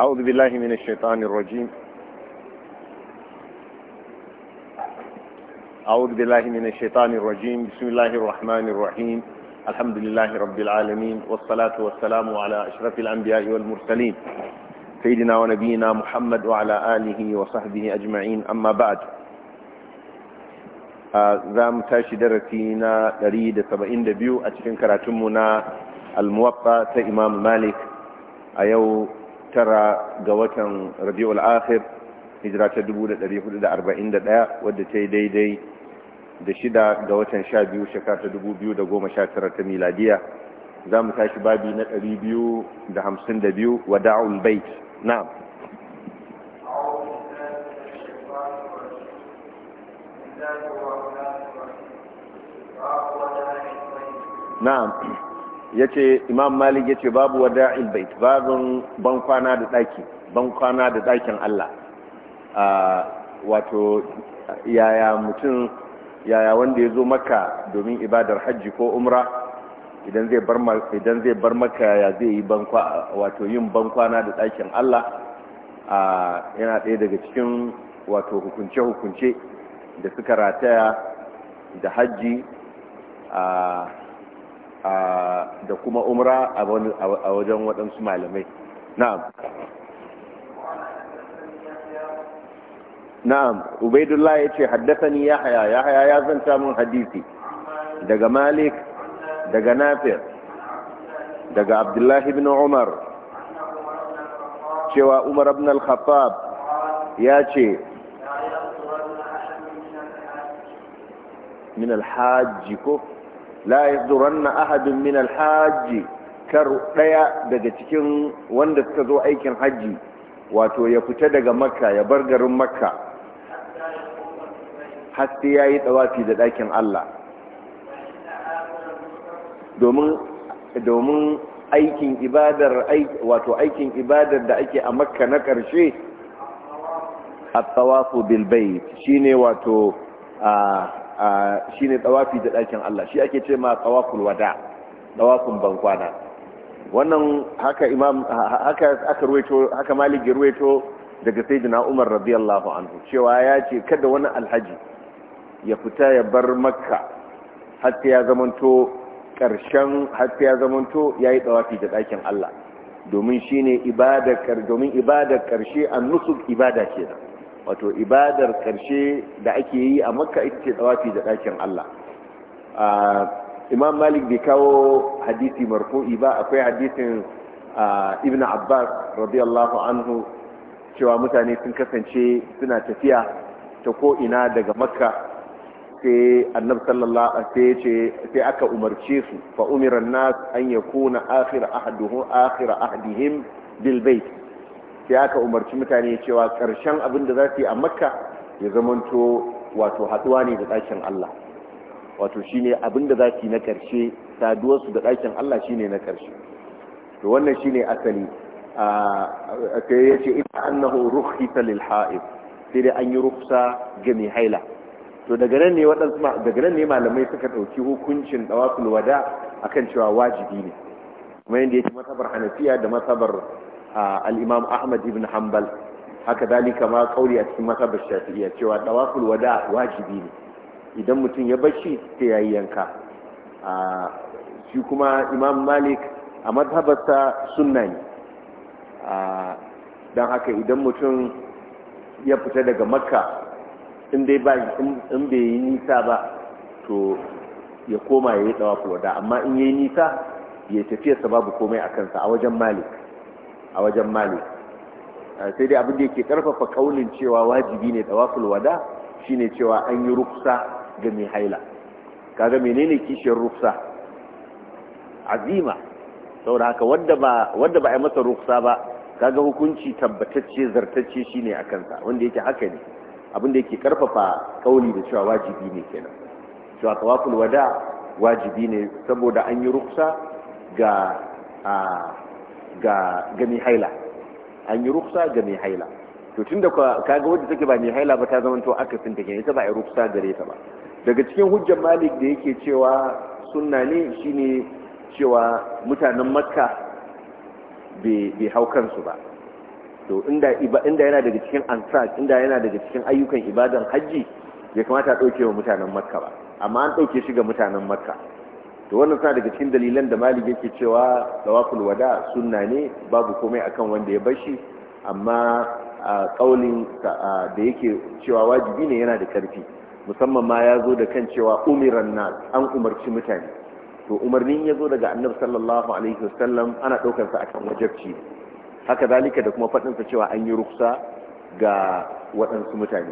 أعوذ بالله من الشيطان الرجيم أعوذ بالله من الشيطان الرجيم بسم الله الرحمن الرحيم الحمد لله رب العالمين والصلاة والسلام على أشرف الأنبياء والمرسلين سيدنا ونبينا محمد وعلى آله وصحبه أجمعين أما بعد آه، زام تاشي درتينا darasi سبعين دبيو a cikin karatunmu na مالك أيو tara ga watan rabi'ul akhir hijira ta 1441 wadda ta yi daidai da shida ga watan sha biyu shekara ta 2019 ta miladiya za mu tashi babi na 252 wa da'ul bait na'am na'am ce imam malik ce babu wada'il bait babun ban kwana da daki ban kwana da dakin Allah wato yaya mutum yaya wanda ya zo maka domin ibadar hajji ko umra idan zai bar maka ya zai yi wato yin bankwana da dakin Allah yana ɗaya daga cikin wato hukunce hukunce da suka rataya da hajji da kuma umra a wajen waɗansu malamai na'am na'am ubaidullah ya ce haddasani ya haya. ya zanta mun hadisi daga malik daga nafir daga abdullahi bin umar cewa umar ibn al-khattab ya ce min al-hajji ko la yadurranna ahadun min alhajji kar daya daga cikin wanda suka zo aikin haji wato ya fita daga makka ya bar garin makka har sai yi tawafi da dakin Allah domin aikin ibadar wato aikin ibadar da ake a makka na karshe at-tawafu bil bayt shine wato ah, shi ne tsawafi da ɗakin Allah shi ake ce ma tsawafin wada tsawafin bankwana wannan haka imam haka aka ruwaito haka maliki ruwaito daga sayyidina Umar radiyallahu anhu cewa ya ce kada wani alhaji ya fita ya bar makka hatta ya zamanto ƙarshen hatta ya zamanto ya yi tsawafi da ɗakin Allah domin shi ne ibadar ƙarshe an nusuk ibada kenan wato ibadar ƙarshe da ake yi a makka ita ce tsawafi da ɗakin Allah imam malik bai kawo hadisi marfu'i ba akwai hadisin ibn abbas radiyallahu anhu cewa mutane sun kasance suna tafiya ta ko'ina daga makka sai annab sallallahu sai aka umarce su fa umiran an yakuna akhir ahduhu akhir ahdihim bil bait sai aka umarci mutane cewa ƙarshen abin da za su yi a makka ya zamanto wato haɗuwa ne da ɗakin Allah wato shi ne abin da za su yi na ƙarshe saduwarsu da ɗakin Allah shi ne na ƙarshe to wannan shi ne asali a kai ya ce ina annahu rukhisa lil ha'ib sai dai an yi rufsa ga mai haila to daga nan ne waɗansu daga nan ne malamai suka ɗauki hukuncin ɗawafin wada akan cewa wajibi ne kuma yadda ya yake masabar hanafiya da masabar al-imam ahmad ibn hanbal haka dalika ma kauri a cikin mazhabar shafi'iyya cewa dawaful wada wajibi ne idan mutum ya bashi sai yayi yanka shi kuma imam malik a mazhabarsa sunna ne don haka idan mutum ya fita daga makka in dai ba in bai yi nisa ba to ya koma ya yi wada amma in yi nisa ya tafiya sababu komai a kansa a wajen malik a wajen mali sai dai abin da yake karfafa kaunin cewa wajibi ne tawaful wada shine cewa an yi ruksa ga mai haila kaga menene kishiyar ruksa azima saboda haka wanda ba wanda ba ai masa ruksa ba kaga hukunci tabbatacce zartacce shine a kansa wanda yake haka ne abin da yake karfafa kauli da cewa wajibi ne kenan cewa tawaful wada wajibi ne saboda an yi ruksa ga a ga ga mai haila an yi ruksa ga mai haila to tunda kaga wadda take ba mai haila ba ta zama to aka finta kenan ita ba a ruksa gare ta ba daga cikin hujjar malik da yake cewa sunna ne shine cewa mutanen makka bai hau kansu ba to inda yana daga cikin ansar inda yana daga cikin ayyukan ibadan hajji bai kamata a ɗauke wa mutanen makka ba amma an ɗauke shi ga mutanen makka to wannan sa daga cikin dalilan da malik yake cewa tawaful wada sunna ne babu komai akan wanda ya bashi amma kaulin da yake cewa wajibi ne yana da karfi musamman ma ya zo da kan cewa umiran nas an umarci mutane to umarnin ya zo daga annabi sallallahu alaihi wasallam ana daukar sa akan wajabci, haka zalika da kuma fadin sa cewa an yi ruksa ga waɗansu mutane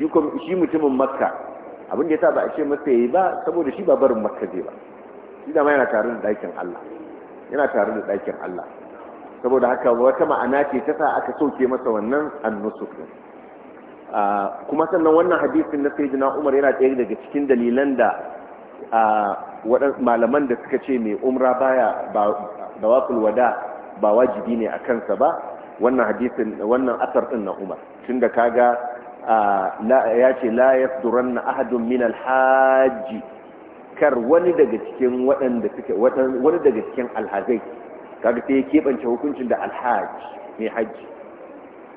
shi mutumin makka abin da ya sa ba a ce masa yayi ba saboda shi ba barin makka zai ba shi da ma yana tare da ɗakin Allah yana tare da ɗakin Allah saboda haka wata ma'ana ce ta sa aka sauke masa wannan annusuk ah, kuma sannan wannan hadisin na sayyidina Umar yana ɗaya daga cikin dalilan da ah, malaman da suka ce mai umra baya da wafil wada ba wajibi ne a kansa ba wannan hadisin wannan asar din na Umar tunda kaga ah, ya ce la yasduranna ahadun min alhaji inkar wani daga cikin waɗanda suke wani daga cikin alhazai kaga sai ya keɓance hukuncin da alhaj mai hajji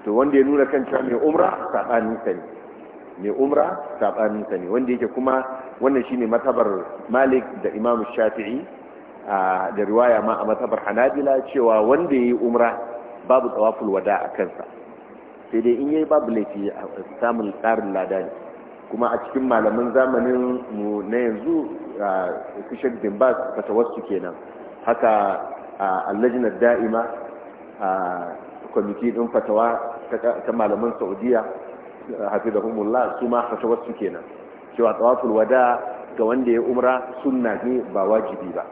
to wanda ya nuna kan cewa mai umra saɓanin sa ne mai umra saɓanin sa ne wanda yake kuma wannan shine matabar malik da imam shafi'i da riwaya ma a matabar hanabila cewa wanda ya yi umra babu tsawaful wada a kansa sai dai in yayi babu laifi samun tsarin lada ne kuma a cikin malaman zamanin mu na yanzu a shek dimbas wasu kenan haka allajinar da'ima a kwamiti ɗin fatawa ta malaman saudiya hafizahumullah su ma fatawarsu kenan cewa tsawafin wada ga wanda ya umra sunna ne ba wajibi ba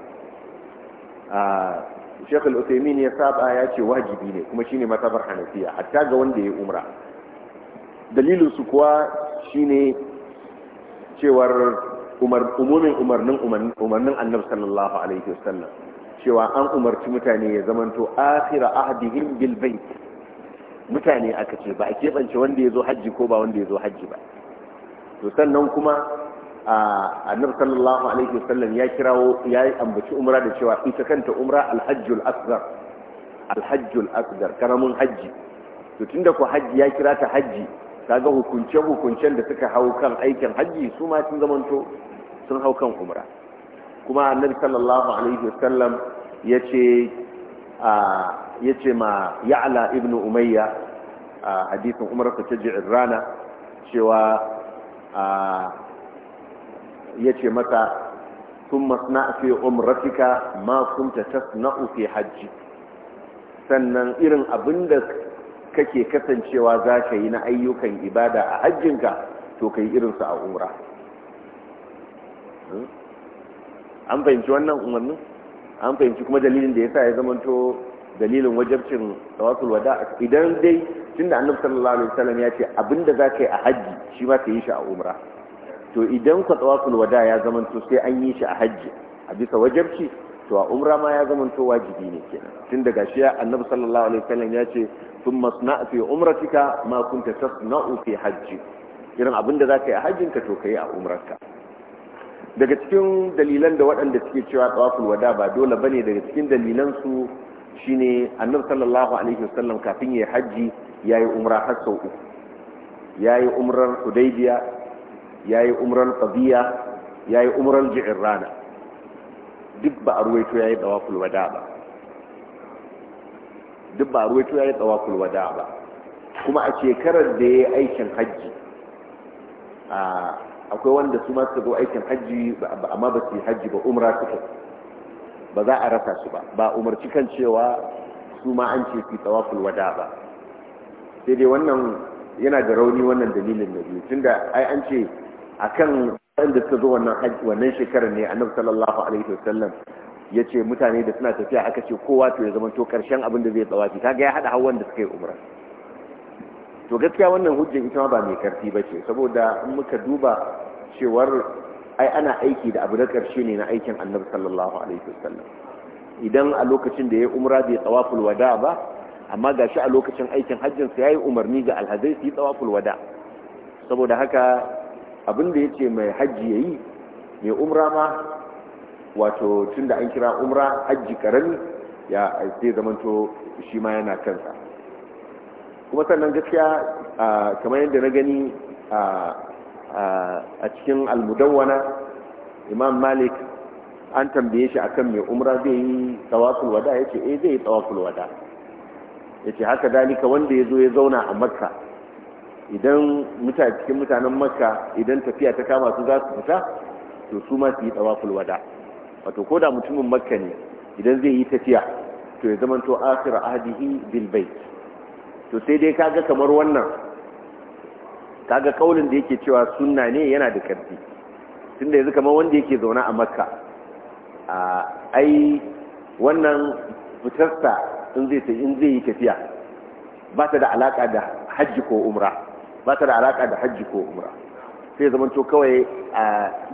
Sheikh al ya saba ya ce wajibi ne kuma shine matabar Hanafiya hatta ga wanda ya umra dalilin su kuwa shine cewar umumin umarnin umarnin annabi sallallahu alaihi wasallam cewa an umarci mutane ya zamanto akhira ahdihim bil bait mutane aka ce ba a keɓance wanda ya zo hajji ko ba wanda ya zo hajji ba to sannan kuma annabi sallallahu alaihi wasallam ya kirawo ya yi ambaci umra da cewa ita kanta umra alhajjul asghar alhajjul asghar karamin hajji to tunda ko hajji ya kira ta hajji kaga hukunce-hukuncen da suka hau kan aikin hajji su ma sun zamanto sun hau kan umra kuma annabi sallallahu alaihi wasallam ya ce ma ya'la ibnu umayya a hadisin umra ta jiji rana cewa ya ce mata sun masna fi umratika ma kunta tasna'u fi hajji sannan irin abinda kake kasancewa za ka yi na ayyukan ibada a hajjinka to ka yi irinsu a umra hmm? an fahimci wannan umarnin an fahimci kuma dalilin da ya sa ya zamanto dalilin wajabcin tawasul wada idan dai tun da annabi sallallahu alaihi wasallam ya ce abinda za ka yi a hajji shi ma ka yi shi a umra to idan ka tawasul wada ya zamanto sai an yi shi a hajji a bisa wajabci to a umra ma ya zama to wajibi ne kenan tun daga shi annabi sallallahu alaihi wasallam ya ce thumma sna fi umratika ma kunta tasna'u fi hajji irin abin da zaka yi a hajjinka to kai a umrarka daga cikin dalilan da waɗanda suke cewa tawaful wada ba dole bane daga cikin dalilan su shine annabi sallallahu alaihi wasallam kafin yayi hajji yayi umra har sau uku yayi umrar hudaybiya yayi umrar qadiya yayi umrar rana. duk ba a ruwaito ya yi tsawaful wada ba duk ba a ruwaito ya yi tsawaful wada ba kuma a shekarar da ya yi aikin hajji akwai wanda su ma suka zo aikin hajji amma ba su yi hajji ba umra suka ba za a rasa su ba ba umarci kan cewa su ma an ce su tsawaful wada ba sai dai wannan yana da rauni wannan dalilin da biyu tunda ai an ce akan wanda suka zo wannan haji wannan shekarar ne annabi sallallahu alaihi wasallam ya ce mutane da suna tafiya aka ce kowa to ya zama to karshen abin da zai tsawaci kaga ya hada hawan da suka yi umra to gaskiya wannan hujja ita ma ba mai karfi ba ce saboda in muka duba cewar ai ana aiki da abu na karshe ne na aikin annabi sallallahu alaihi wasallam idan a lokacin da ya umra bai tsawaful wada ba amma gashi a lokacin aikin hajjin sa yi umarni ga alhazai su yi tsawaful wada saboda haka abinda ya ce mai hajji ya yi mai umra ma wato tun da an kira umra hajji karami ya zai zamanto shi ma yana kansa kuma sannan gaskiya kamar yadda na gani a cikin almudawwana imam malik an tambaye shi akan mai umra zai yi tsawaful wada ya ce eh zai yi tsawaful wada ya ce haka dalika wanda ya zo ya zauna a makka idan mutane cikin mutanen makka idan tafiya ta kama su za su fita to su ma su yi tsawa fulwada wato ko da mutumin makka ne idan zai yi tafiya to ya zama to asir ahdihi bil bait to sai dai kaga kamar wannan kaga kaulin da yake cewa sunna ne yana da karfi tunda yanzu kamar wanda yake zauna a makka a ai wannan fitarsa in zai in zai yi tafiya ba ta da alaka da hajji ko umra ba ta da alaka da hajji ko umra sai zaman to kawai a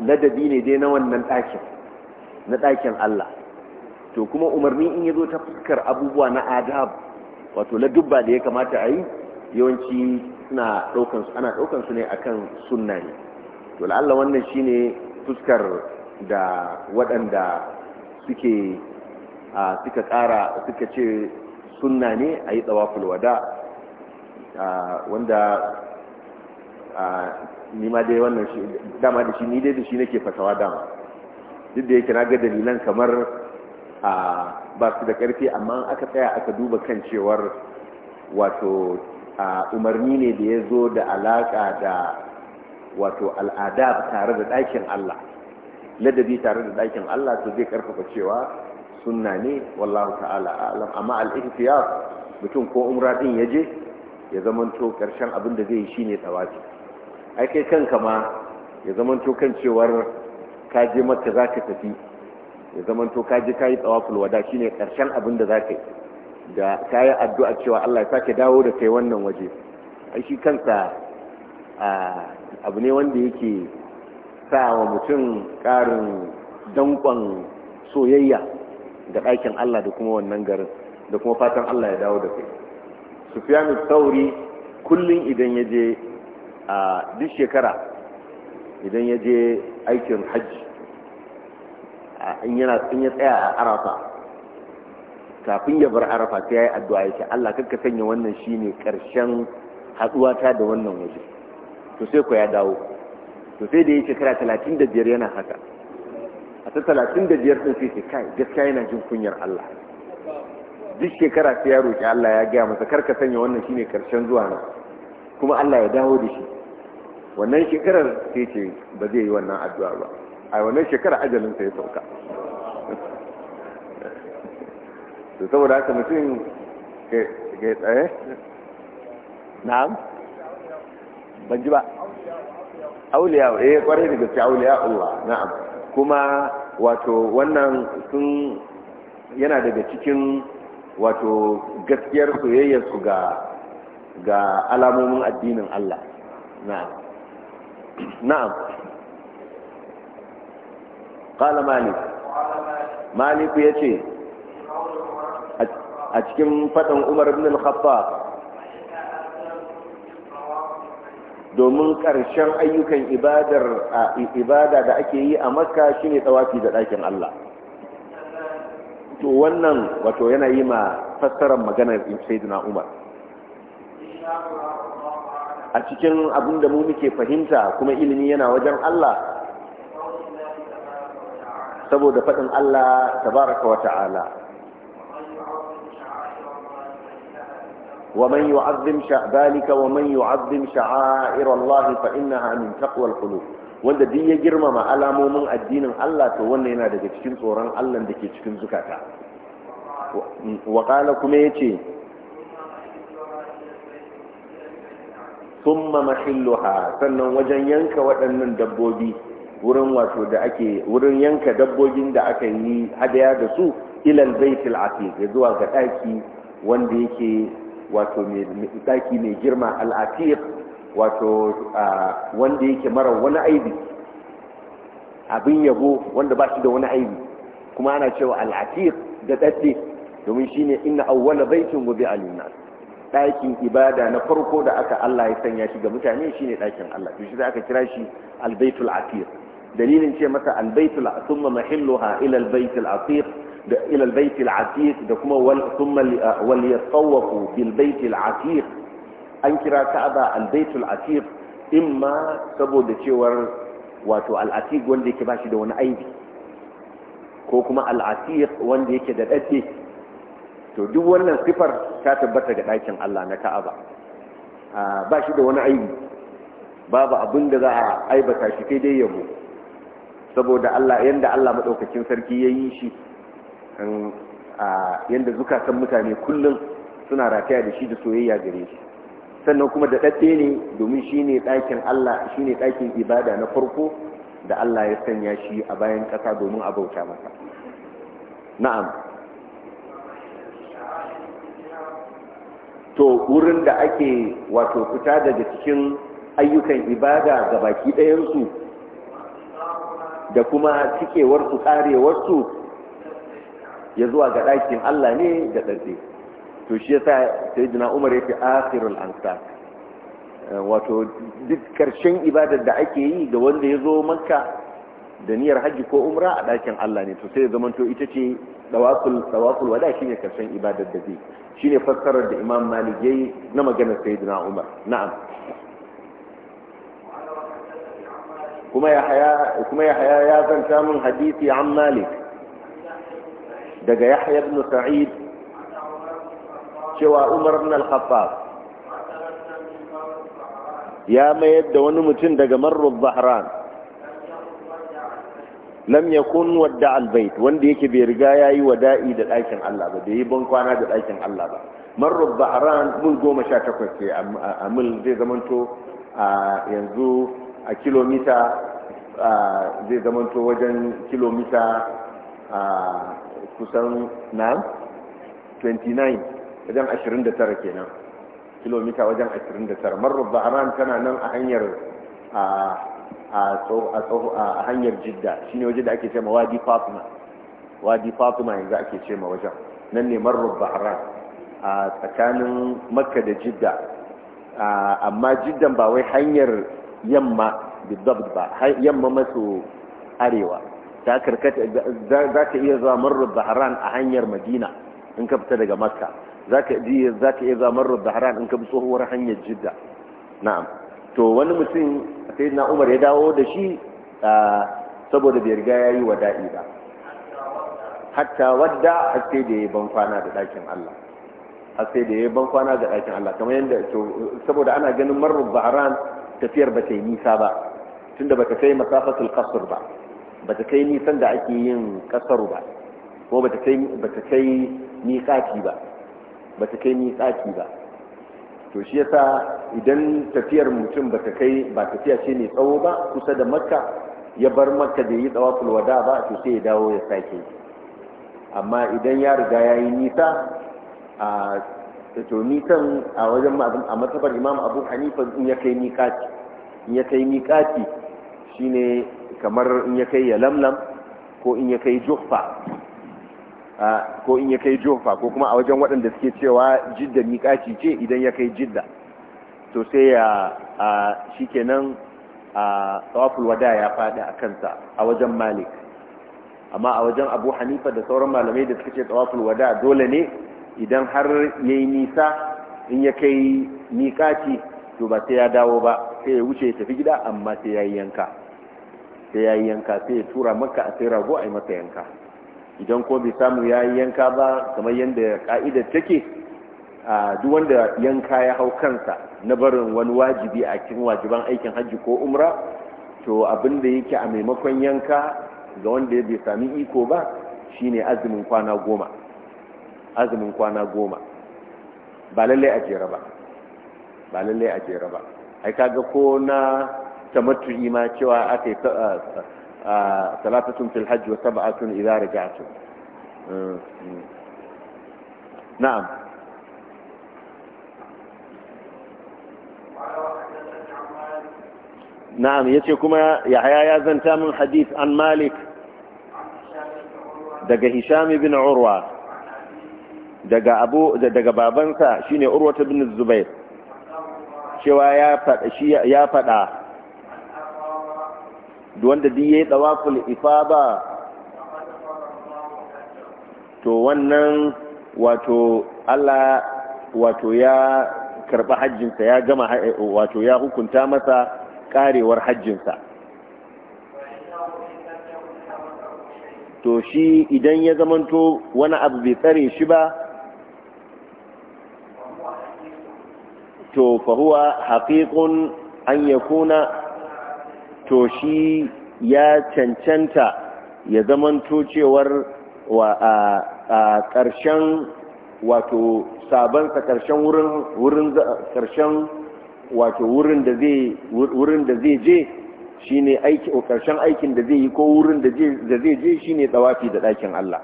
ladabi ne dai na wannan ɗakin na ɗakin Allah to kuma umarni in ya zo ta fuskar abubuwa na adab wato dubba da ya kamata a yi yawanci suna ɗaukan su ana ɗaukan su ne akan sunna ne to la'alla wannan shine fuskar da waɗanda suke suka ƙara suka ce sunna ne a yi tsawaful wada wanda ni ma dai wannan shi dama da shi ni dai da shi nake fasawa dama duk da yake na ga dalilan kamar ba su da ƙarfi amma aka tsaya aka duba kan cewar wato umarni ne da ya zo da alaƙa da wato al'ada tare da ɗakin Allah ladabi tare da ɗakin Allah to zai ƙarfafa cewa sunna ne wallahu ta'ala alam amma al'ihtiyar mutum ko umra din ya je ya zamanto ƙarshen abin da zai yi shine tawafi ake kai kanka ma ya zamanto kan cewar ka je makka za ka tafi ya zamanto ka je ka yi tsawaful wada shine karshen abin da za ka yi da ka addu'a cewa Allah ya sake dawo da kai wannan waje ai shi kansa abu ne wanda yake sa wa mutum ƙarin danƙon soyayya da ɗakin Allah da kuma wannan garin da kuma fatan Allah ya dawo da kai sufyan tsauri kullum idan ya je a duk shekara idan ya je aikin hajji in yana ya tsaya a arafa kafin ya bar arafa sai ya yi addu'a ya ce Allah ka sanya wannan shine karshen haduwa ta da wannan waje to sai ku ya dawo to sai da ya shekara 35 yana haka a ta 35 biyar sai ce kai gaskiya yana jin kunyar Allah duk shekara sai ya roƙi Allah ya gaya masa karka sanya wannan shine karshen zuwa na kuma Allah ya dawo da shi wannan shekarar sai ce ba zai yi wannan addu'a ba a wannan shekarar ajalin ya sauka to saboda haka mutum ke tsaye na'am ban ji ba auliya eh kwarai da gaske auliya Allah na'am kuma wato wannan sun yana daga cikin wato gaskiyar soyayyarsu ga ga alamomin addinin Allah na'am na'am قال مالك مالك yace a cikin عمر umar الخطاب domin karshen domin ƙarshen ayyukan ibada da ake yi a makka shine tsawafi da ɗakin Allah to wannan wato yana yi ma fassarar maganar sayyidina Umar a cikin abin da mu muke fahimta kuma ilimi yana wajen Allah saboda faɗin Allah tabaraka wa ta'ala ومن يعظم ذلك ومن يعظم شعائر الله فإنها من تقوى القلوب wanda duk ya girmama alamomin addinin Allah to wannan yana daga cikin tsoron Allah da ke cikin zukata wa kuma yace thumma mahilluha sannan wajen yanka waɗannan dabbobi wurin wato da ake wurin yanka dabbobin da aka yi hadaya da su ilal baitul atiq ya zuwa ga daki wanda yake wato mai daki mai girma al atiq wato wanda yake mara wani aibi abin yabo wanda ba shi da wani aibi kuma ana cewa al atiq da dadde domin shine inna awwala baitin wa lin ɗakin ibada na farko da aka Allah ya sanya shi ga mutane shine ɗakin Allah to shi da aka kira shi albaitul atiq dalilin ce masa albaitul thumma mahilluha ila albaitul atiq da ila albaitul atiq da kuma wal thumma ah, wal yatawafu bil atiq an kira Ka'aba albaitul atiq imma saboda cewar wato al-atiq wanda yake bashi da wani aibi ko kuma al-atiq wanda yake da dade to duk wannan sifar ta tabbata ga ɗakin Allah na Ka'aba ba shi da wani aibi babu abin da za a aibata shi sai dai yabo saboda Allah yanda Allah madaukakin sarki ya yi shi yanda zukatan mutane kullum suna rataya da shi da soyayya gare shi sannan kuma da ɗaɗɗe ne domin shi ne ɗakin Allah shi ne ɗakin ibada na farko da Allah ya sanya shi a bayan ƙasa domin a bauta masa na'am to wurin da ake wato fita daga cikin ayyukan ibada ga baki ɗayansu da kuma cikewarsu ƙarewarsu, ya zuwa ga ɗakin Allah ne da ɗarɗe to shi ya sa sai umar ya fi akhirul ansa. Eh, wato duk ƙarshen ibadar da ake yi ga wanda ya zo makka da niyyar hajji ko umra a ɗakin Allah ne to sai ya zamanto ita ce dawakul dawakul wada shine karshen ibadar da zai shine fassarar da Imam Malik yayi na maganar Sayyidina Umar na'am kuma ya haya kuma ya haya ya zanta min hadisi an Malik daga Yahya ibn Sa'id cewa Umar ibn al-Khattab ya mayar da wani mutum daga Marru Zahran lam yakun wadda albayt wanda yake bai riga yayi wada'i da ɗakin Allah ba da yi ban kwana da ɗakin Allah ba man goma sha 18 ce a mil zai zamanto a yanzu a kilomita zai zamanto wajen kilomita kusan na 29 wajen 29 kenan kilomita wajen 29 man rubba'ran tana nan a hanyar a hanyar jidda shi ne waje da ake ce ma wadi fatima wadi fatima yanzu ake ce ma wajen nan ne marar bahran a tsakanin makka da jidda amma jiddan ba wai hanyar yamma bidabd ba yamma maso arewa ta karkata za ka iya zuwa marar bahran a hanyar madina in ka fita daga makka za ka iya zuwa marar bahran in ka fi tsohuwar hanyar jidda na'am to wani mutum sai na umar ya dawo da shi saboda bai riga ya yi wada'i ba hatta wadda har sai da ya yi bankwana da ɗakin Allah har sai da ya yi bankwana da ɗakin Allah kamar yadda saboda ana ganin marar baharan tafiyar ba ta yi nisa ba tunda ba ta kai masafatul kasur ba ba ta kai nisan da ake yin kasar ba ko ba ta kai miƙaci ba ba ta kai miƙaci ba to shi yasa idan tafiyar mutum ba ta kai ba tafiya ce mai tsawo ba kusa da makka ya bar makka da yi tsawaful wada ba to sai ya dawo ya sake amma idan ya riga ya yi nisa a to nisan a wajen a matsabar imam abu hanifa in ya kai miƙati in ya kai miƙati shine kamar in ya kai ya lamlam ko in ya kai juhfa ko in ya kai jofa ko kuma a wajen waɗanda suke cewa jidda miƙaci ce idan ya kai jidda to sai ya shi kenan a tsawafin wada ya faɗi a kansa a wajen malik amma a wajen abu hanifa da sauran malamai da suka ce wada dole ne idan har ya yi nisa in ya kai miƙaci to ba sai ya dawo ba sai ya wuce ya tafi gida amma sai ya yi yanka sai ya yi yanka sai ya tura maka a sai rago a yi masa yanka idan ko bai samu ya yi yanka ba kamar yadda ka'idar take a duk wanda yanka ya hau kansa na barin wani wajibi a cikin wajiban aikin hajji ko umra to abin da yake a maimakon yanka ga wanda ya bai sami iko ba shine azumin kwana goma azumin kwana goma ba lallai a jera ba ba lallai a jera ba ai kaga ko na tamattu'i ma cewa aka ثلاثة في الحج وسبعة إذا رجعتم نعم نعم yace kuma Yahaya ya zanta min hadith an malik daga hisham ibn urwa daga abu daga babansa shine urwa ibn zubair cewa ya fada ya fada wanda duk tsawaful ifa ba to wannan wato Allah wato ya karɓa hajjinsa ya gama eh, wato ya hukunta masa ƙarewar hajjinsa to shi idan ya zamanto wani abu bai tsare shi ba to fahuwa haƙiƙun an yakuna to shi ya cancanta ya zamanto cewar wa a ƙarshen wato sa ƙarshen wurin ƙarshen wato wurin da zai je shine aiki o ƙarshen aikin da zai yi ko wurin da zai je shine tsawafi da ɗakin Allah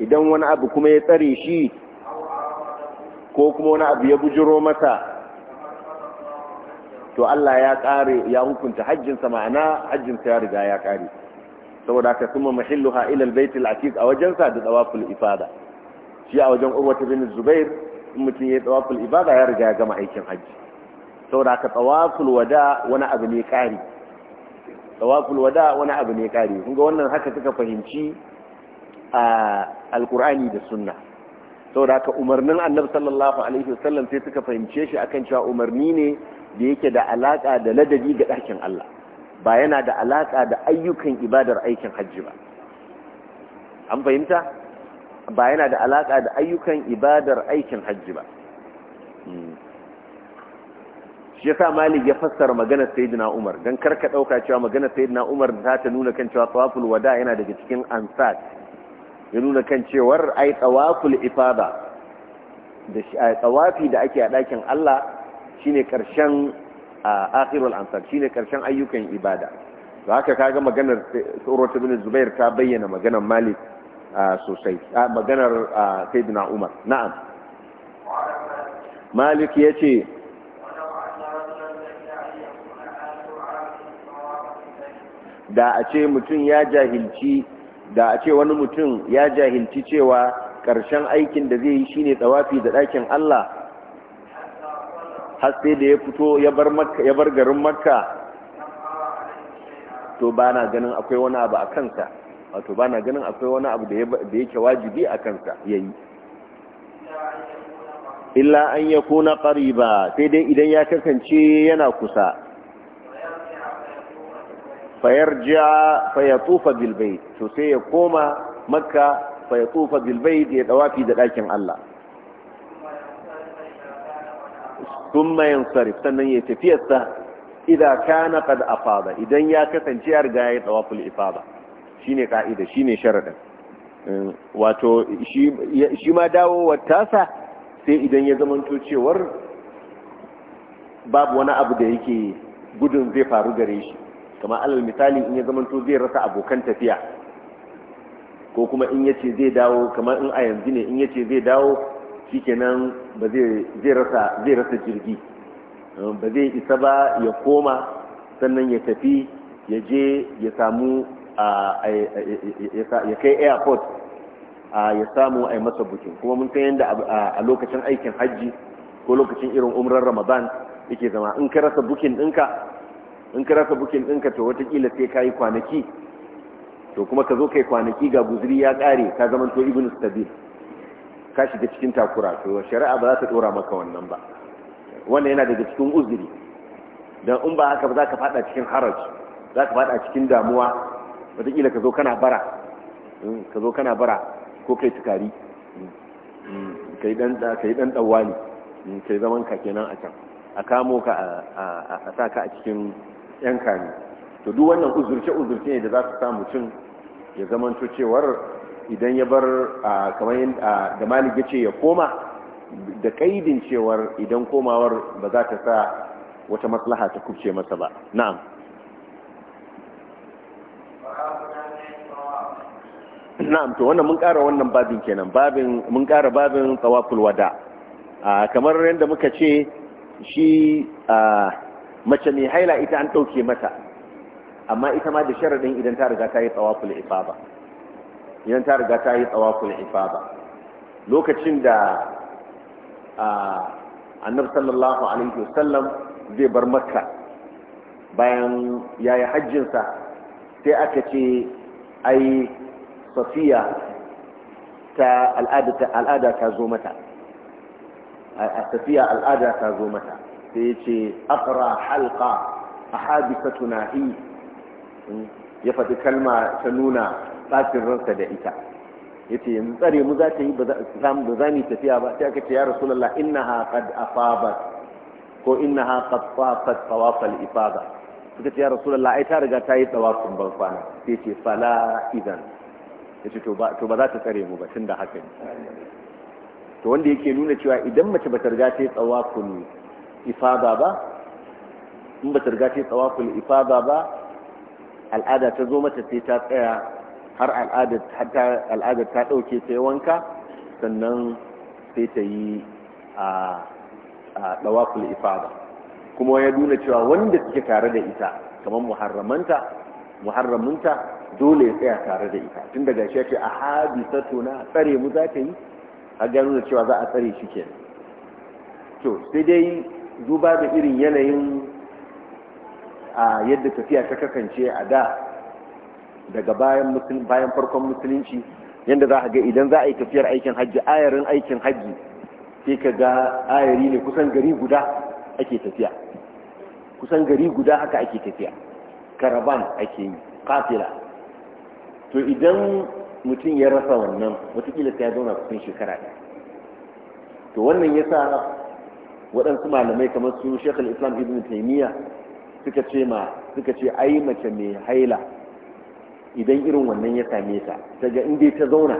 idan wani abu kuma ya tsare shi ko kuma wani abu ya bujiro masa to Allah ya kare ya hukunta hajjin sa ma'ana hajjin sa ya riga ya kare saboda haka kuma mahilluha ila albayt al-atiq a wajen sa da tawaful ifada shi a wajen Urwa bin Zubair in mutum ya tawaful ibada ya riga ya gama aikin hajji saboda haka tawaful wada wani abu ne kare tawaful wada wani abu ne kare kun ga wannan haka suka fahimci a alqur'ani da sunna saboda haka umarnin annabi sallallahu alaihi wasallam sai suka fahimce shi akan cewa umarni ne da yake da alaka da ladabi ga ɗakin Allah ba yana da alaka da ayyukan ibadar aikin hajji ba an fahimta ba yana da alaka da ayyukan ibadar aikin hajji ba hmm. shi yasa malik ya fassara maganar sayyidina umar dan karka dauka cewa maganar sayyidina umar za ta nuna kan cewa tawaful wada yana daga cikin ansat ya nuna kan cewar ai tsawaful ifada da tsawafi da ake a dakin Allah shine karshen akhirul ansar shine karshen ayyukan ibada to haka kaga maganar Urwatu ibn Zubair ta bayyana maganar Malik sosai maganar Sayyidina Umar na'am Malik yace da a ce mutum ya jahilci da a ce wani mutum ya jahilci cewa ƙarshen aikin da zai yi shine tsawafi da ɗakin Allah Haske da ya fito ya bar garin makka to ba na ganin akwai wani abu a kansa wato ba na ganin akwai wani abu da yake wajibi a kansa ya yi illa an ya kuna ƙari ba sai dai idan ya kasance yana kusa fayarja fayatufa bil to sai ya koma makka fayatufa bil ya dawafi da dakin Allah thumma yansarif sannan ya tafiyarsa idan kana qad afada idan ya kasance ya riga ya tawaful ifada shine kaida shine sharadin eh, wato shi ma dawo tasa sai idan ya zamanto cewar babu wani abu da yake gudun zai faru gare shi kamar alal misali in ya zamanto zai rasa abokan tafiya ko kuma in yace zai dawo kamar in a yanzu ne in yace zai dawo shikenan ba zai rasa zai rasa jirgi um, ba zai isa ba ya koma sannan ya tafi ya je ya samu ya kai airport ya samu a masa bukin kuma mun san yadda a lokacin aikin hajji ko lokacin irin umrar ramadan yake zama in ka rasa bukin ɗinka in ka rasa bukin ɗinka to watakila sai ka yi kwanaki to kuma ka zo kai kwanaki ga guzuri ya ƙare ka zama to ibn stabil ka shiga cikin takura to shari'a ba za ta ɗora maka wannan ba wannan yana daga cikin uzuri don in ba haka ba za ka faɗa cikin haraj za ka faɗa cikin damuwa watakila ka zo kana bara mm, ka zo kana bara ko kai tukari mm, ka yi ɗan ka mm, kai zaman ka kenan a can a kamo ka a sa ka a cikin yan kani to duk wannan uzurce uzurce ne da za su samu cin ya zama cewar idan ya bar kamar da malik ya ce ya koma da kaidin cewar idan komawar ba za ta sa wata maslaha ta kubce masa ba na'am na'am to wannan mun ƙara wannan babin kenan babin mun ƙara babin tawaful wada kamar yadda muka ce shi a mace mai haila ita an ɗauke mata amma ita ma da sharaɗin idan ta riga ta yi tsawaful ifaba idan ta riga ta yi tsawaful ifaba lokacin da annabi sallallahu alaihi wasallam zai bar makka bayan ya yi hajjinsa sai aka ce ai safiya ta al'ada ta zo mata a safiya al'ada ta zo mata sai ya ce akara halka a habisa tunahi ya faɗi kalma ta nuna tsafin ransa da ita ya ce yanzu tsare mu za ta yi ba za mu tafiya ba sai aka ce ya rasulallah inna ha qad afabat ko inna ha qad fafat tawafal ifada suka ce ya rasulallah ai ta riga ta yi tawafin ban kwana sai ce fala idan ya ce to ba za ta tsare mu ba tun da haka ne to wanda yake nuna cewa idan mace ba ta riga ta yi tawafin ifada ba in ba ta riga ta ifada ba al'ada ta zo mata sai ta tsaya har al'adar ta ɗauke ta wanka sannan sai ta yi a tsawaful ifada kuma ya duna cewa wanda suke tare da ita kamar muharramanta muharramunta dole ya tsaya tare da ita tun daga shi ce a habisatu na tsare mu za ta yi a gano da cewa za a tsare shi kenan to sai dai duba da irin yanayin a yadda tafiya ta kakance a da daga bayan bayan farkon musulunci yadda za a ga idan za a yi tafiyar aikin hajji ayarin aikin hajji sai ka ga ayari ne kusan gari guda ake tafiya kusan gari guda haka ake tafiya karaban ake yi kafila to idan mutum ya rasa wannan watakila sai ya zauna kusan shekara ɗaya to wannan ya sa waɗansu malamai kamar su Sheikh islam Ibn Taymiyyah suka ce ma suka ce ai mace mai haila idan irin wannan ya same ta Daga in inda ta zauna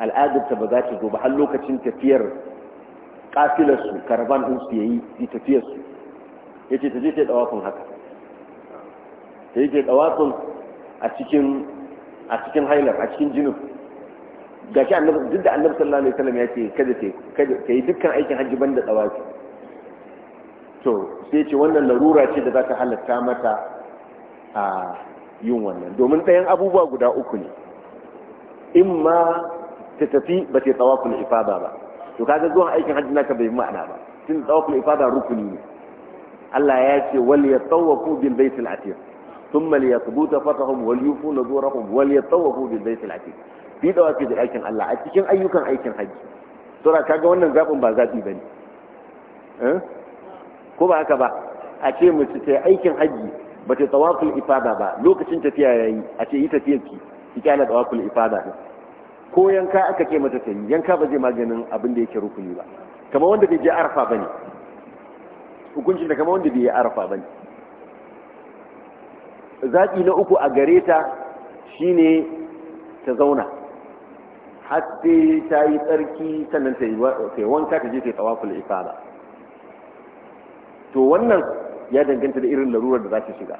al'adarta ba za ta zo ba har lokacin tafiyar kafilarsu karaban din su yayi yi tafiyarsu ya ce ta je ta yi dawakun haka ta yi ta yi a cikin hailar a cikin jinin gashi annabi duk da annabi sallallahu alaihi wasallam ya ce kada ce kada kai dukkan aikin hajji banda tsawafi to sai ce wannan larura ce da za ta halatta mata a yin wannan domin ɗayan abubuwa guda uku ne in ma ta tafi ba ta tsawaful ifada ba to kaga zuwan aikin hajji naka bai ma'ana ba tun tsawaful ifada rukuni ne Allah ya ce wal yatawafu bil baitil atiq thumma liyaqbuta fatahum wal yufu nadurahum wal yatawafu bil baitil atiq su da wafi da ɗakin Allah a cikin ayyukan aikin hajji tura kaga wannan zaɓin ba zaɓi ba ne eh? ko ba haka ba a ce mace ta aikin hajji ba ta tsawafin ifada ba lokacin tafiya ya yi a ce yi tafiyar ki ki kyala tsawafin ifada ɗin ko yanka aka ce mata ta yi yanka ba zai maganin abin da yake rukuni ba kamar wanda bai je arafa ba ne hukuncin da kamar wanda bai yi arafa ba ne zaɓi na uku a gare ta shine ta zauna har sai ta yi tsarki sannan ta yi wanka ta je ta yi tsawaful to wannan ya danganta da irin larurar da za shiga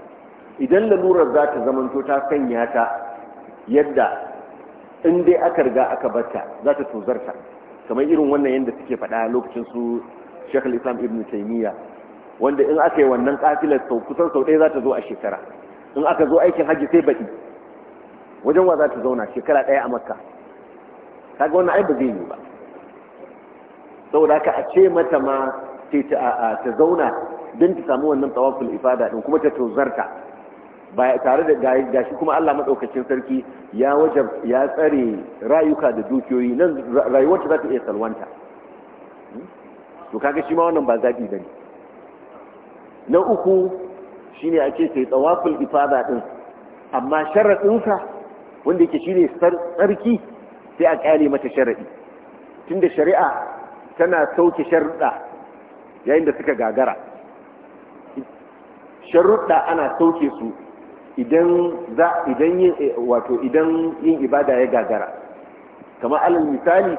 idan larurar za ta zamanto ta sanya ta yadda in dai aka riga aka bata za ta tozarta kamar irin wannan yadda suke faɗa lokacin su shekul islam ibn taimiyya wanda in aka yi wannan kafilar sau kusan sau ɗaya za ta zo a shekara in aka zo aikin hajji sai baɗi wajen wa za ta zauna shekara ɗaya a makka kaga wannan aibu zai yi ba saboda ka a ce mata ma ta zauna don ta samu wannan tsawafin ifada din kuma ta tozarta ba tare da gashi kuma Allah madaukakin sarki ya ya tsare rayuka da dukiyoyi nan rayuwar ta za ta iya salwanta to kaga shi ma wannan ba zabi bane na uku shine ce sai tsawafin ifada din amma sharaɗinsa wanda yake shine tsarki sai a kyale mata sharaɗi tunda shari'a tana sauke sharuɗa yayin da suka gagara sharuɗa ana sauke su idan za idan yin eh, wato idan yin ibada ya gagara kamar alal misali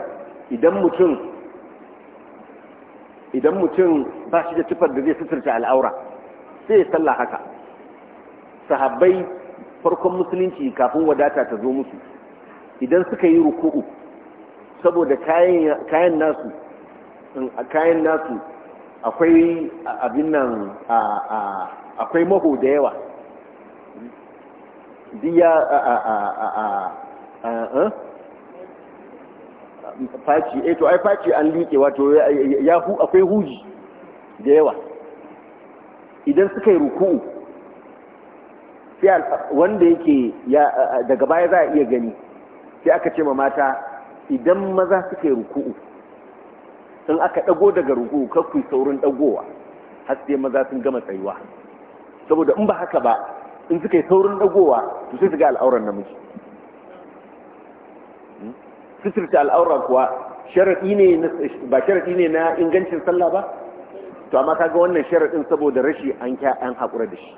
idan mutum idan mutum ba shi da tufar da zai suturta al'aura sai ya salla haka sahabbai farkon musulunci kafin wadata ta zo musu idan suka yi ruku'u saboda kayan nasu kayan nasu akwai abin nan akwai maho da yawa diya faci eh to ai faci an liƙe wato ya hu akwai huji da yawa idan suka yi ruku'u wanda yake daga baya za a iya gani sai aka ce ma mata idan maza suka yi ruku'u in aka dago daga ruku'u kar ku saurin dagowa har sai maza sun gama tsayuwa saboda in ba haka ba in suka yi saurin dagowa to sai su ga al'auran namiji hmm? suturta al'aura kuwa sharaɗi ne ba sharaɗi ne na ingancin sallah ba to amma kaga wannan sharaɗin saboda rashi an kya an haƙura da shi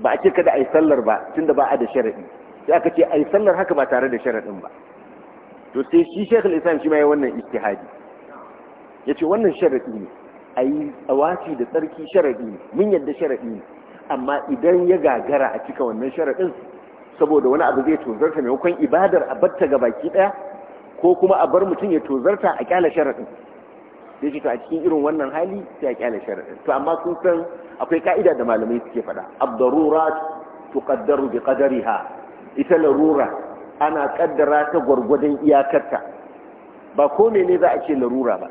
ba a ce kada a yi sallar ba tunda ba a da sharaɗi sai aka ce ai sallar haka ba tare da sharaɗin ba to sai shi shekul islam shi ma ya wannan istihadi ya ce wannan sharaɗi ne a yi da tsarki sharaɗi ne mun yadda sharaɗi ne amma idan ya gagara a cika wannan sharaɗin saboda wani abu zai tozarta maimakon ibadar a batta ga baki ɗaya ko kuma a bar mutum ya tozarta a kyala sharaɗin sai shi to a cikin irin wannan hali sai a kyala sharaɗin to amma sun san akwai ka'ida da malamai suke faɗa abdarurat tuqaddaru bi qadariha ita larura ana kaddara ta gwargwadon iyakarta ba kome ne za a ce larura ba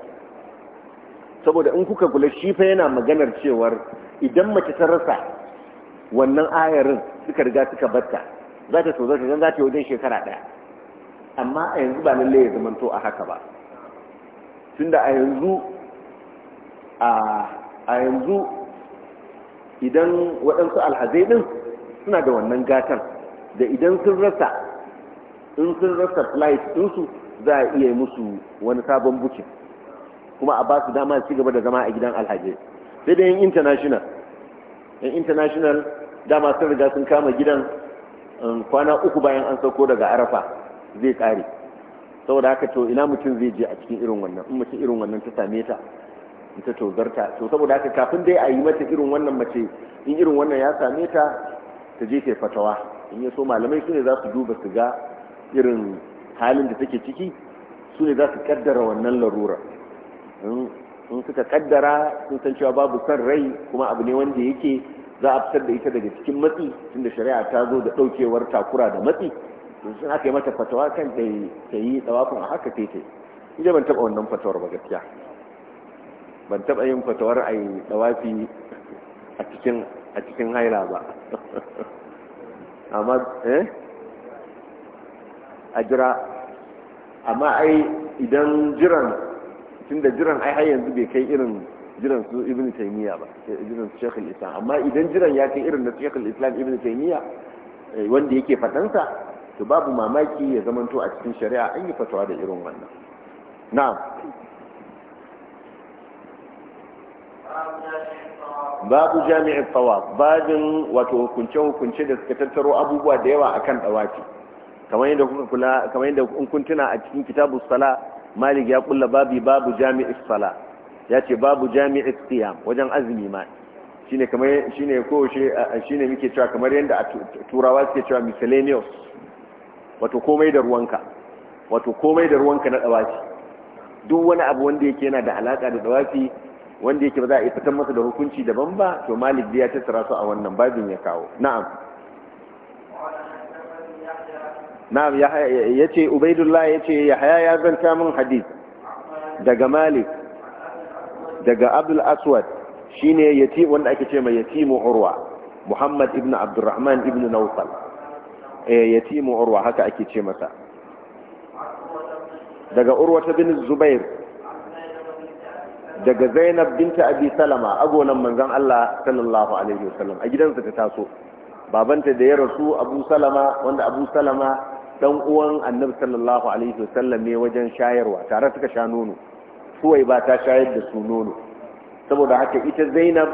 saboda in kuka kula shi fa yana maganar cewar idan mace ta rasa wannan ayarin suka riga suka batta za ta tozarta don za ta yi wajen shekara ɗaya amma a yanzu ba lallai ya zamanto a haka ba tunda a yanzu a yanzu idan waɗansu alhazai ɗin suna da wannan gatan da idan sun rasa in sun rasa flight ɗinsu za a iya musu wani sabon bukin kuma a ba su dama su gaba da zama a gidan alhaji sai da yin international yan international dama sun riga sun kama gidan um, kwana uku bayan an sauko daga arafa zai kare saboda haka to ina mutum zai je a cikin irin wannan in mutum irin wannan ta same ta ta tozarta to saboda haka kafin dai a yi mata irin wannan mace in irin wannan ya same ta ta je ta fatawa in ya so malamai su ne za su duba su ga irin halin da take ciki su ne za su kaddara wannan larura in suka kaddara sun san cewa babu son rai kuma abu ne wanda yake za a fitar da ita daga cikin matsi tunda shari'a ta zo da ɗaukewar takura da matsi to sun aka yi mata fatawa kan ta yi tsawafin a haka sai ta yi ban taba wannan fatawar ba gaskiya ban taɓa yin fatawar a yi tsawafi a cikin haila ba amma eh a jira amma ai idan jiran tunda jiran ai har yanzu bai kai irin jiran su ibn taymiya ba eh, jiran su shekul islam amma idan jiran ya kai irin na shekul islam ibn taymiya eh, wanda yake fadansa to babu mamaki ya zamanto a cikin shari'a an yi fatawa da irin wannan na'am babu jami'in tawaf babin wato hukunce-hukunce da suka tattaro abubuwa da yawa akan dawaki kamar yadda kuka kula kamar yadda in kun kuntuna a cikin kitabu sala malik ya kulla babi babu jami'in sala ya ce babu jami'in siyam wajen azumi ma shine kamar shine ko shine muke cewa kamar yadda turawa suke cewa miscellaneous wato komai da ruwanka wato komai da ruwanka na dawaki duk wani abu wanda yake yana da alaka da dawaki wanda yake ba za a yi fitan masa da hukunci daban ba to malik ya tattara su a wannan babin ya kawo na'am na'am ya ce ubaidullah ya ce ya zanta min hadith daga malik daga abdul aswad shine yati wanda ake ce mai yatimu urwa muhammad ibnu abdurrahman ibnu nawfal eh yatimu urwa haka ake ce masa daga urwa ta bin zubair daga zainab binta abi salama agonan manzon Allah sallallahu alaihi wasallam a gidansa ta taso babanta da ya rasu abu salama wanda abu salama dan uwan annabi sallallahu alaihi wasallam ne wajen shayarwa tare suka sha nono suwai ba ta shayar da su nono saboda haka ita zainab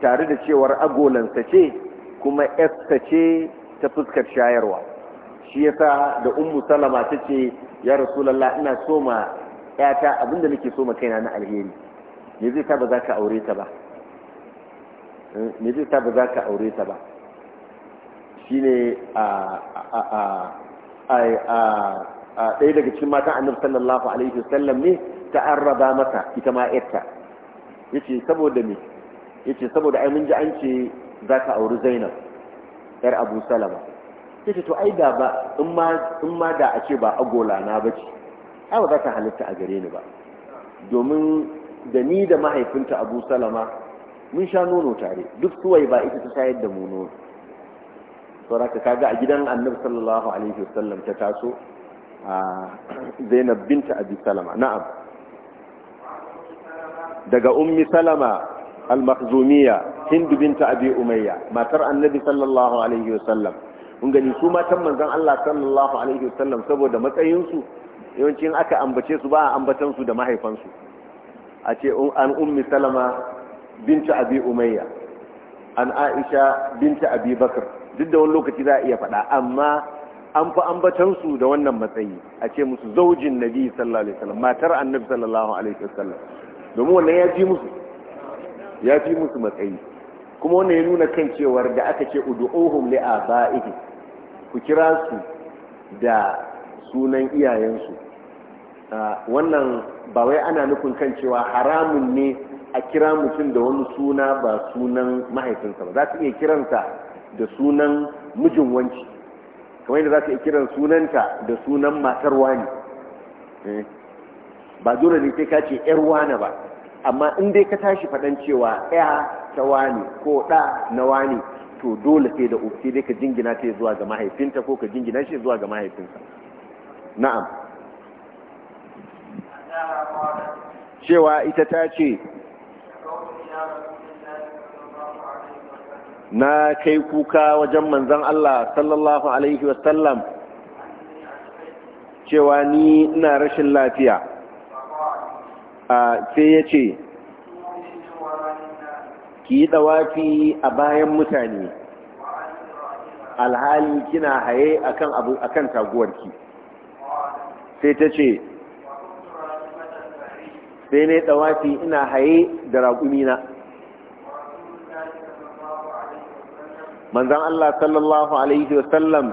tare da cewar agolansa ce kuma ta ce ta fuskar shayarwa shi yasa da ummu salama ta ce ya rasulullah ina so ma yata abinda nake so ma kaina na alheri me zai ta ba za ka aure ta ba eh, me zai ta ba za ka aure ta ba Shi ne a ɗaya daga cikin matan annabi sallallahu alaihi wasallam ne ta arraba mata ita ma yarta yace saboda me yace saboda ai mun ji an ce za ka auri Zainab yar Abu Salama yace to ai da ba in ma da a ce ba agola na bace ai ba za ka halitta a gare ni ba domin da ni da mahaifinta abu salama mun sha nono tare duk suwai ba ita ta shayar da mu nono ka kaga a gidan annab sallallahu alaihi wasallam ta taso a zainab binta abi salama na'am daga ummi salama al-makhzumiyya hind binta abi umayya matar annabi sallallahu alaihi wasallam mun gani su matan manzon Allah sallallahu alaihi wasallam saboda matsayin su yawancin aka ambace su ba a ambatan su da mahaifansu a ce an ummi salama binta abi umayya an aisha binta abi bakar duk da wani lokaci za a iya faɗa amma an fi ambatansu da wannan matsayi a ce musu zaujin nabi sallallahu alaihi wasallam matar annabi sallallahu alaihi wasallam domin wannan ya fi musu ya fi musu matsayi kuma wannan ya nuna kan cewar da aka ce ud'uhum li abaihi ku kira su da sunan iyayensu ah, wannan ba wai ana nufin kan cewa haramun ne a kira mutum da wani suna ba sunan mahaifinsa ba za ta iya kiransa da sunan mijin wanci kamar yadda za ta iya kiran sunanta da sunan matar wani eh. ba dole ne sai ka ce yar wani ba amma in dai ka tashi faɗan cewa ya ta wani ko ɗa na wani to dole sai da uku dai ka jingina ta zuwa ga mahaifinta ko ka jingina shi zuwa ga mahaifinsa na'am cewa ita ta ce na kai kuka wajen manzan Allah sallallahu alaihi wasallam cewa ni ina rashin lafiya a sai ya ce ki yi dawafi a bayan mutane alhali kina haye akan abu akan taguwarki sai ta ce sai ne tsawafi ina haye da raƙumina manzan Allah sallallahu alaihi wasallam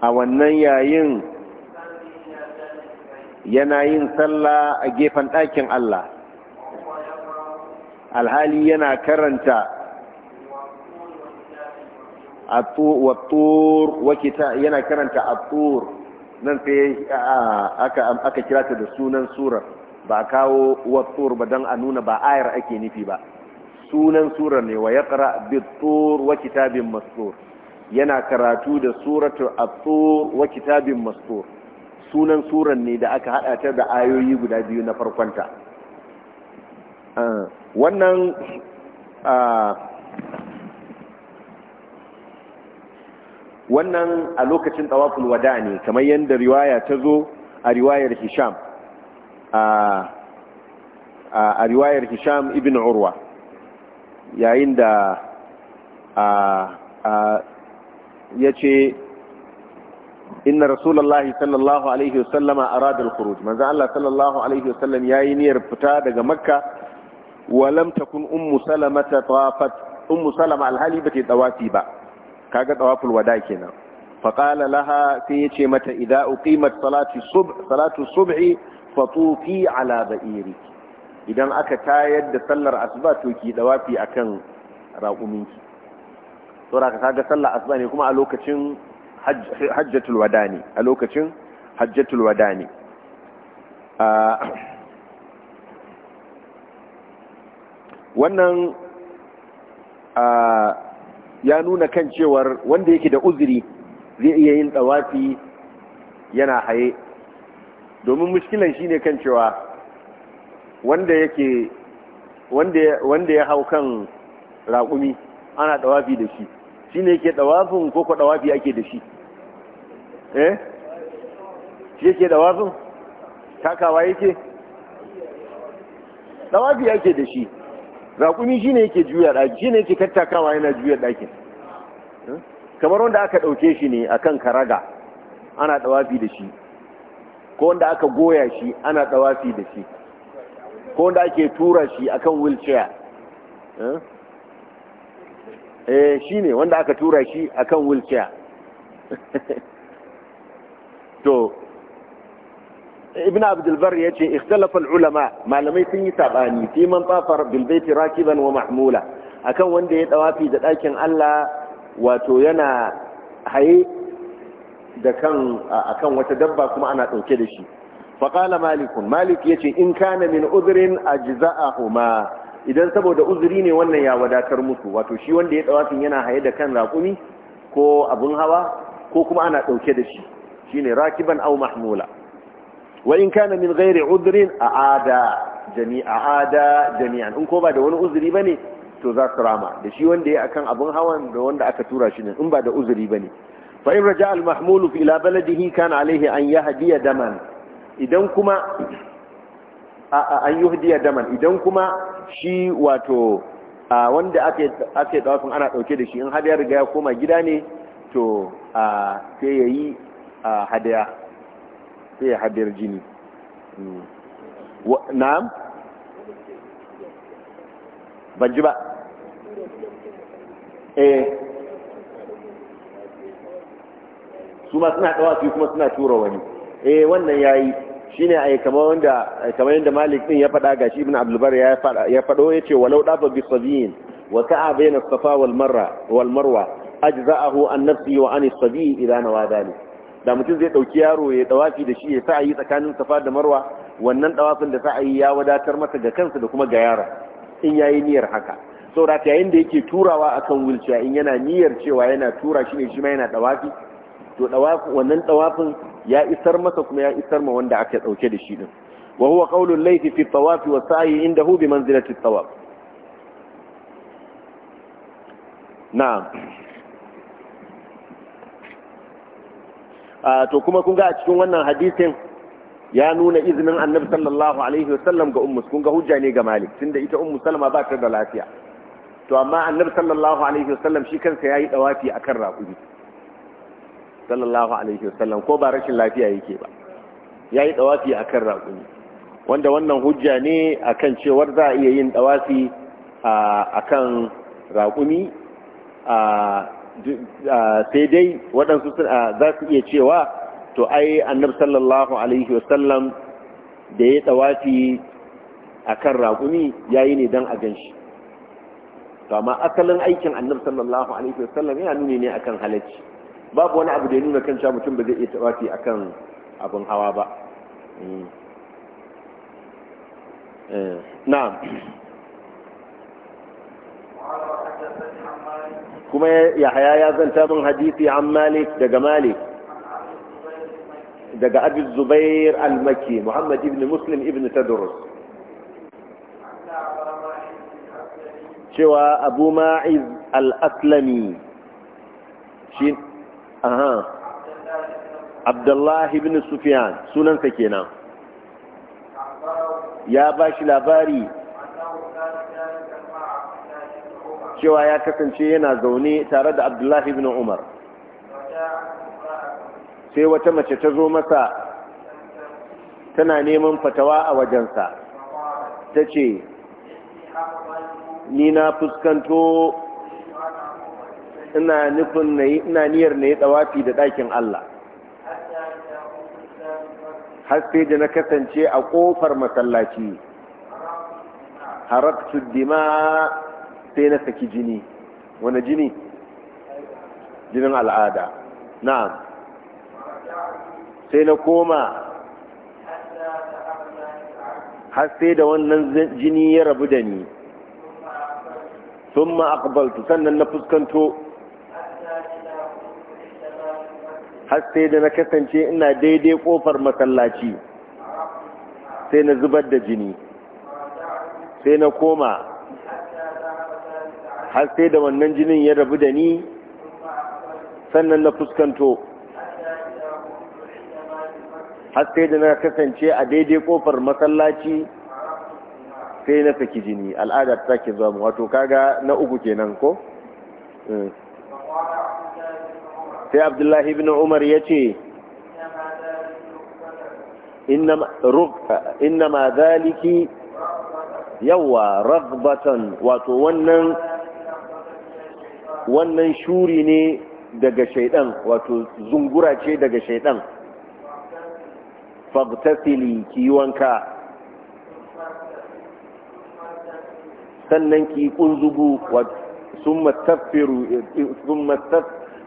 a wannan yayin yana yin sallah a gefen ɗakin Allah alhali yana karanta yana karanta attur nan sai aka kira ta da sunan surar ba kawo wattur ba don a nuna ba ayar ake nufi ba sunan surar ne wa ya ƙara bittur wa kitabin mastur yana karatu da suratul attur wa kitabin mastur sunan surar ne da aka hada ta da ayoyi guda biyu na farkonta ah, wannan ah, wannan a lokacin tawaful wada ne kamar yadda riwaya ta zo a riwayar hisham a riwayar hisham ibn urwa yayin da ya ce inna rasulallah sallallahu alaihi a aradul khuruj manzo Allah sallallahu alaihi wasallam yayi niyyar fita daga makka wa lam takun ummu salama tawafat ummu salama alhali bata tawafi ba kaga tawaful wada kenan fa qala laha sai yace mata idan uqimat salati subh salatu subhi fatufi ala ba'iri idan aka tayar da sallar asuba to ki dawafi akan raƙuminki to ka kaga sallar asuba ne kuma a lokacin hajjatul wada ne a lokacin hajjatul wada ne wannan ya nuna kan cewar wanda yake da uzuri zai iya yin dawafi yana haye domin mushkilan ne kan cewa wanda yake wanda ya hau kan raƙumi ana ɗawafi da shi shi ne ke ɗawafin ko ko ɗawafi ake da shi eh shi yake ɗawafin takawa yake ɗawafi ake da shi raƙumi shi ne yake juya ɗaki shi ne yake kattakawa yana juya ɗakin eh? kamar wanda aka ɗauke shi ne akan karaga ana ɗawafi da shi ko wanda aka goya shi ana tsawafi da shi ko wanda ake tura shi akan wheelchair eh, eh shi ne wanda aka tura shi akan wheelchair to ibn abdulbar ya ce ikhtalafal ulama malamai sun yi saɓani, fi man tsafar bilbaiti rakiban wa mahmula akan wanda ya tsawafi da ɗakin allah wato yana haye da kan akan wata dabba kuma ana ɗauke da shi fa qala malikun malik yace in kana min udhrin ajza'ahuma idan saboda uzuri ne wannan ya wadatar musu wato shi wanda ya tsawafin yana haye da kan raƙumi ko abun hawa ko kuma ana ɗauke da shi shine rakiban aw mahmula wa in kana min ghairi udhrin aada jami'a ada jami'an in ko ba da wani uzuri bane to za su rama da shi wanda ya akan abun hawan da wanda aka tura shi ne in ba da uzuri bane fa’in raja al-mahmulu ila baladihi kan alaihi an yahdiya daman idan kuma an yuhdiya daman idan kuma shi wato wanda ake ake ana dauke da shi in hadiya ya riga ya koma gida ne to sai yayi hadiya sai ya hadiyar jini na'am ban ji ba eh su ma suna ɗawafi kuma suna tura wani eh wannan yayi shine ai kamar kamar Malik din ya faɗa ga Ibn Abdul Bar ya fado ya faɗo yace walau dafa bi sabiyin wa sa'a bayna safa wal marwa ajza'ahu an nafsi wa an sabi idan nawa da mutum zai dauki yaro ya dawafi da shi ya sa'a yi tsakanin safa da marwa wannan dawafin da sa'a yi ya wadatar masa ga kansa da kuma ga yara in yayi niyyar haka saboda yayin da yake turawa akan wulciya in yana niyyar cewa yana tura shi ne shi ma yana dawafi. to wannan tawafin ya isar masa kuma ya isar ma wanda aka dauke da shi din wa huwa qawlul laythi fi tawafi wa sa'i indahu bi manzilati tawaf na'am ah, to kuma kun ga a cikin wannan hadisin ya nuna izinin annabi sallallahu alaihi wasallam ga ummu kun ga hujja ne ga malik tunda ita ummu salama ba ta da lafiya to amma annabi sallallahu alaihi wasallam shi kansa yayi dawafi akan raƙumi sallallahu alaihi wasallam ko ba rashin lafiya yake ba yayi dawafi akan raƙumi wanda wannan hujja ne akan cewar za a iya yin dawafi akan raƙumi sai dai waɗansu za su iya cewa to ai annab sallallahu alaihi wasallam da ya dawafi a kan raƙumi ya yi ne don a gan shi to amma asalin aikin annab sallallahu alaihi wasallam yana nuni ne akan halacci babu wani abu da ya nuna kan cewa mutum ba zai iya tawafi akan abin hawa ba na'am kuma yahaya ya zanta min hadisi an malik daga malik daga abi zubair al-makki muhammad ibn muslim ibn tadrus cewa abu ma'iz al-aslami shi aha abdullahi ibn sufyan sunansa kenan ya ba shi labari cewa ya kasance yana zaune tare da abdullahi ibn umar sai wata mace ta zo masa tana neman fatawa a wajensa ta ce ni na fuskanto ina nufin na yi ina niyyar na yi tsawafi da ɗakin Allah har sai da na kasance a ƙofar masallaci harabtu dima sai na saki jini wani jini jinin al'ada na'am sai na koma har sai da wannan jini ya rabu da ni sun ma'akbaltu sannan na fuskanto har sai da na kasance ina daidai kofar masallaci sai na zubar da jini sai na koma har sai da wannan jinin ya rabu da ni sannan na fuskanto har sai da na kasance a daidai kofar masallaci sai na saki jini al'adar take zuwa wato kaga na uku kenan ko? Hmm. sai abdullahi ibn umar ya ce inna ma zaliki yawa ragbatan wato wannan wannan shuri ne daga shaidan wato zungura ce daga shaidan fagtasili ki wanka sannan ki kunzugu sun mataffiru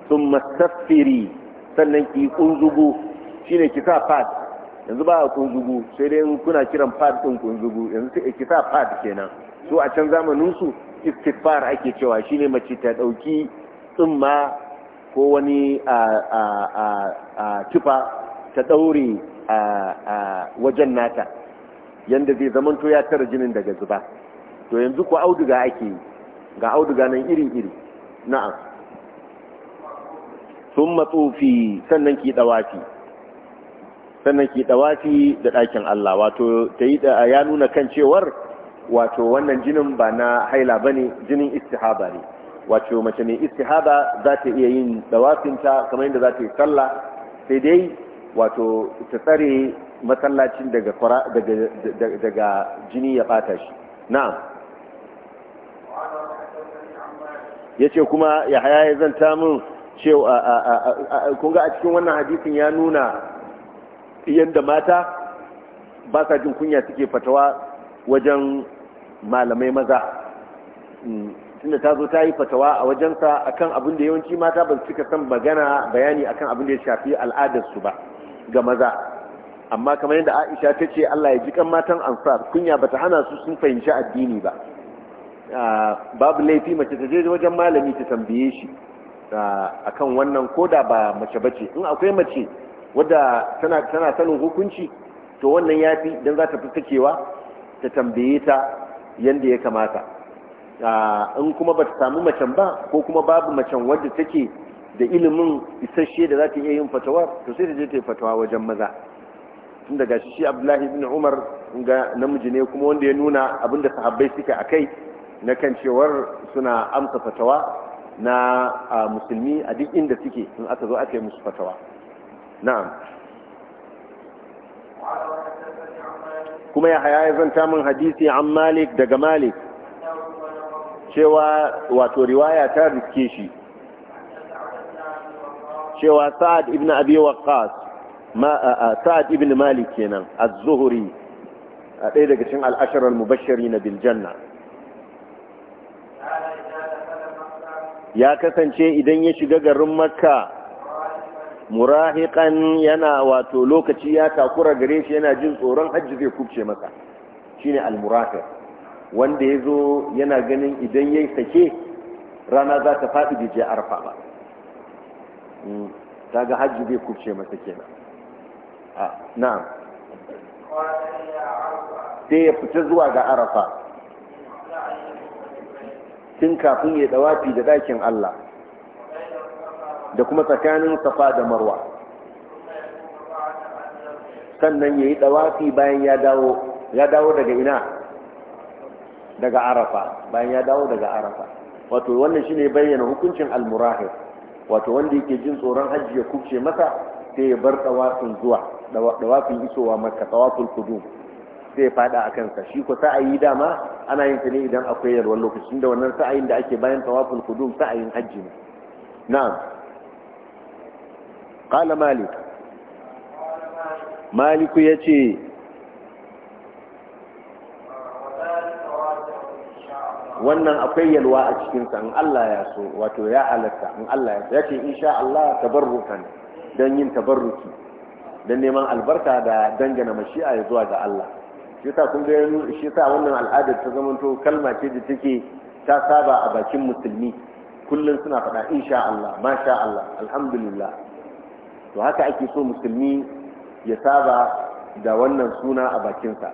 sun masaffiri sannan ki kunzugu shine ki sa pad yanzu ba a kunzugu sai dai kuna kiran pad ɗin kunzugu yanzu sai ki sa pad kenan su a can zamanin su ake cewa shi ne mace ta dauki tsumma ko wani a tufa ta daure a wajen nata yanda zai to ya tara jinin daga zuba to yanzu ku auduga ake ga auduga nan iri iri na'am sun matsofi sannan ki dawafi sannan ki dawafi da ɗakin Allah wato ta yi da ya nuna kan cewar wato wannan jinin ba na haila ba ne, jinin istihaba ne wato mace mai istihaba za ta iya yin dawafinta kamar yadda za ta yi sallah sai dai wato ta tsare masallacin daga daga jini ya bata shi na'am yace kuma yahaya ya zanta mun cewa a cikin wannan hadisin ya nuna yadda mata ba sa jin kunya suke fatawa wajen malamai maza mm, tunda ta zo ta yi fatawa a wajensa akan abin da yawanci mata ba su cika san magana bayani akan abin da ya shafi al'adarsu ba ga maza amma kamar yadda aisha ta ce allah ya ji kan matan ansar kunya ba ta hana su sun fahimci addini ba ah, babu laifi mace ta je wajen malami ta tambaye shi akan wannan koda ba mace bace in akwai mace wadda tana sanin hukunci to wannan yafi don za ta fi takewa ta tambaye ta yadda ya kamata in kuma ba ta samu macen ba ko kuma babu macen wadda take da ilimin isasshe da za ta iya yin fatawa to sai ta je ta yi fatawa wajen maza tun daga shi shi abdullahi ibn umar ga namiji ne kuma wanda ya nuna abinda sahabbai suke a kai na kan cewar suna amsa fatawa na musulmi a duk inda suke in aka zo aka yi musu fatawa na'am kuma ya haya ya zanta min hadisi an malik daga malik cewa wato riwaya ta riske shi cewa sa'ad ibn abi waqqas sa'ad ibn malik kenan az-zuhri ɗaya daga cikin al-ashara al-mubashshirin bil janna ya kasance idan ya shiga garin makka murahiqan yana wato lokaci ya takura gare shi yana jin tsoron hajji zai kubce masa shine al-murahiq wanda yazo yana ganin idan yayi sake rana za ta faɗi da je arfa ba daga hmm, hajji zai kubce masa kenan na'am sai ya fita zuwa ga arafa tun kafin ya dawafi da dakin Allah da kuma tsakanin safa da marwa sannan ya yi dawafi bayan ya dawo ya dawo daga ina daga arafa bayan ya dawo daga arafa wato wannan ne bayyana hukuncin almurahir wato wanda yake jin tsoron hajji ya kubce masa sai ya bar tsawafin zuwa dawafin isowa maka tsawafin kudu sai ya fada a kansa shi ko sa'ayi dama ana yin ta ne idan akwai yalwar lokacin da wannan sa'ayin da ake bayan tawaful qudum sa'ayin hajji ne na'am qala malik Malik ya ce wannan akwai yalwa a cikin sa in Allah ya so wato ya halatta in Allah ya so yace insha Allah tabarrukan dan yin tabarruki dan neman albarka da dangana mashi'a ya zuwa ga Allah shi yasa kun ga shi yasa wannan al'adar ta zamanto kalma ce da take ta saba a bakin musulmi kullum suna faɗa insha Allah masha Allah alhamdulillah to haka ake so musulmi ya saba da wannan suna a bakinsa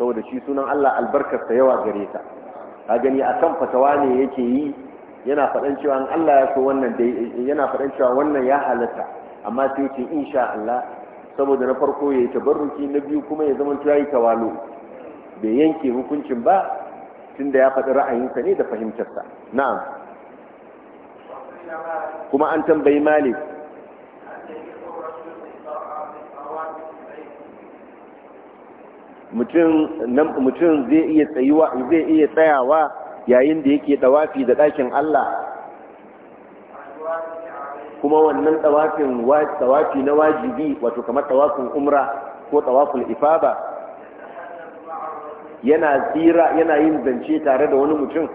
saboda shi sunan Allah albarkarsa yawa gare ta a gani a fatawa ne yake yi yana faɗan cewa Allah ya so wannan yana faɗan cewa wannan ya halatta amma sai ce insha Allah saboda na farko ya yi tabarruki na biyu kuma ya zama ya tawalo bai yanke hukuncin ba tunda ya faɗi ra'ayinsa ne da fahimtarsa na'am kuma an tambayi malik mutum zai iya zai iya tsayawa yayin da yake dawafi da ɗakin Allah kuma wannan tawafin tawafi na wajibi wato kamar tawafin umra ko tawaful ifada yana tsira yana yin zance tare da wani mutum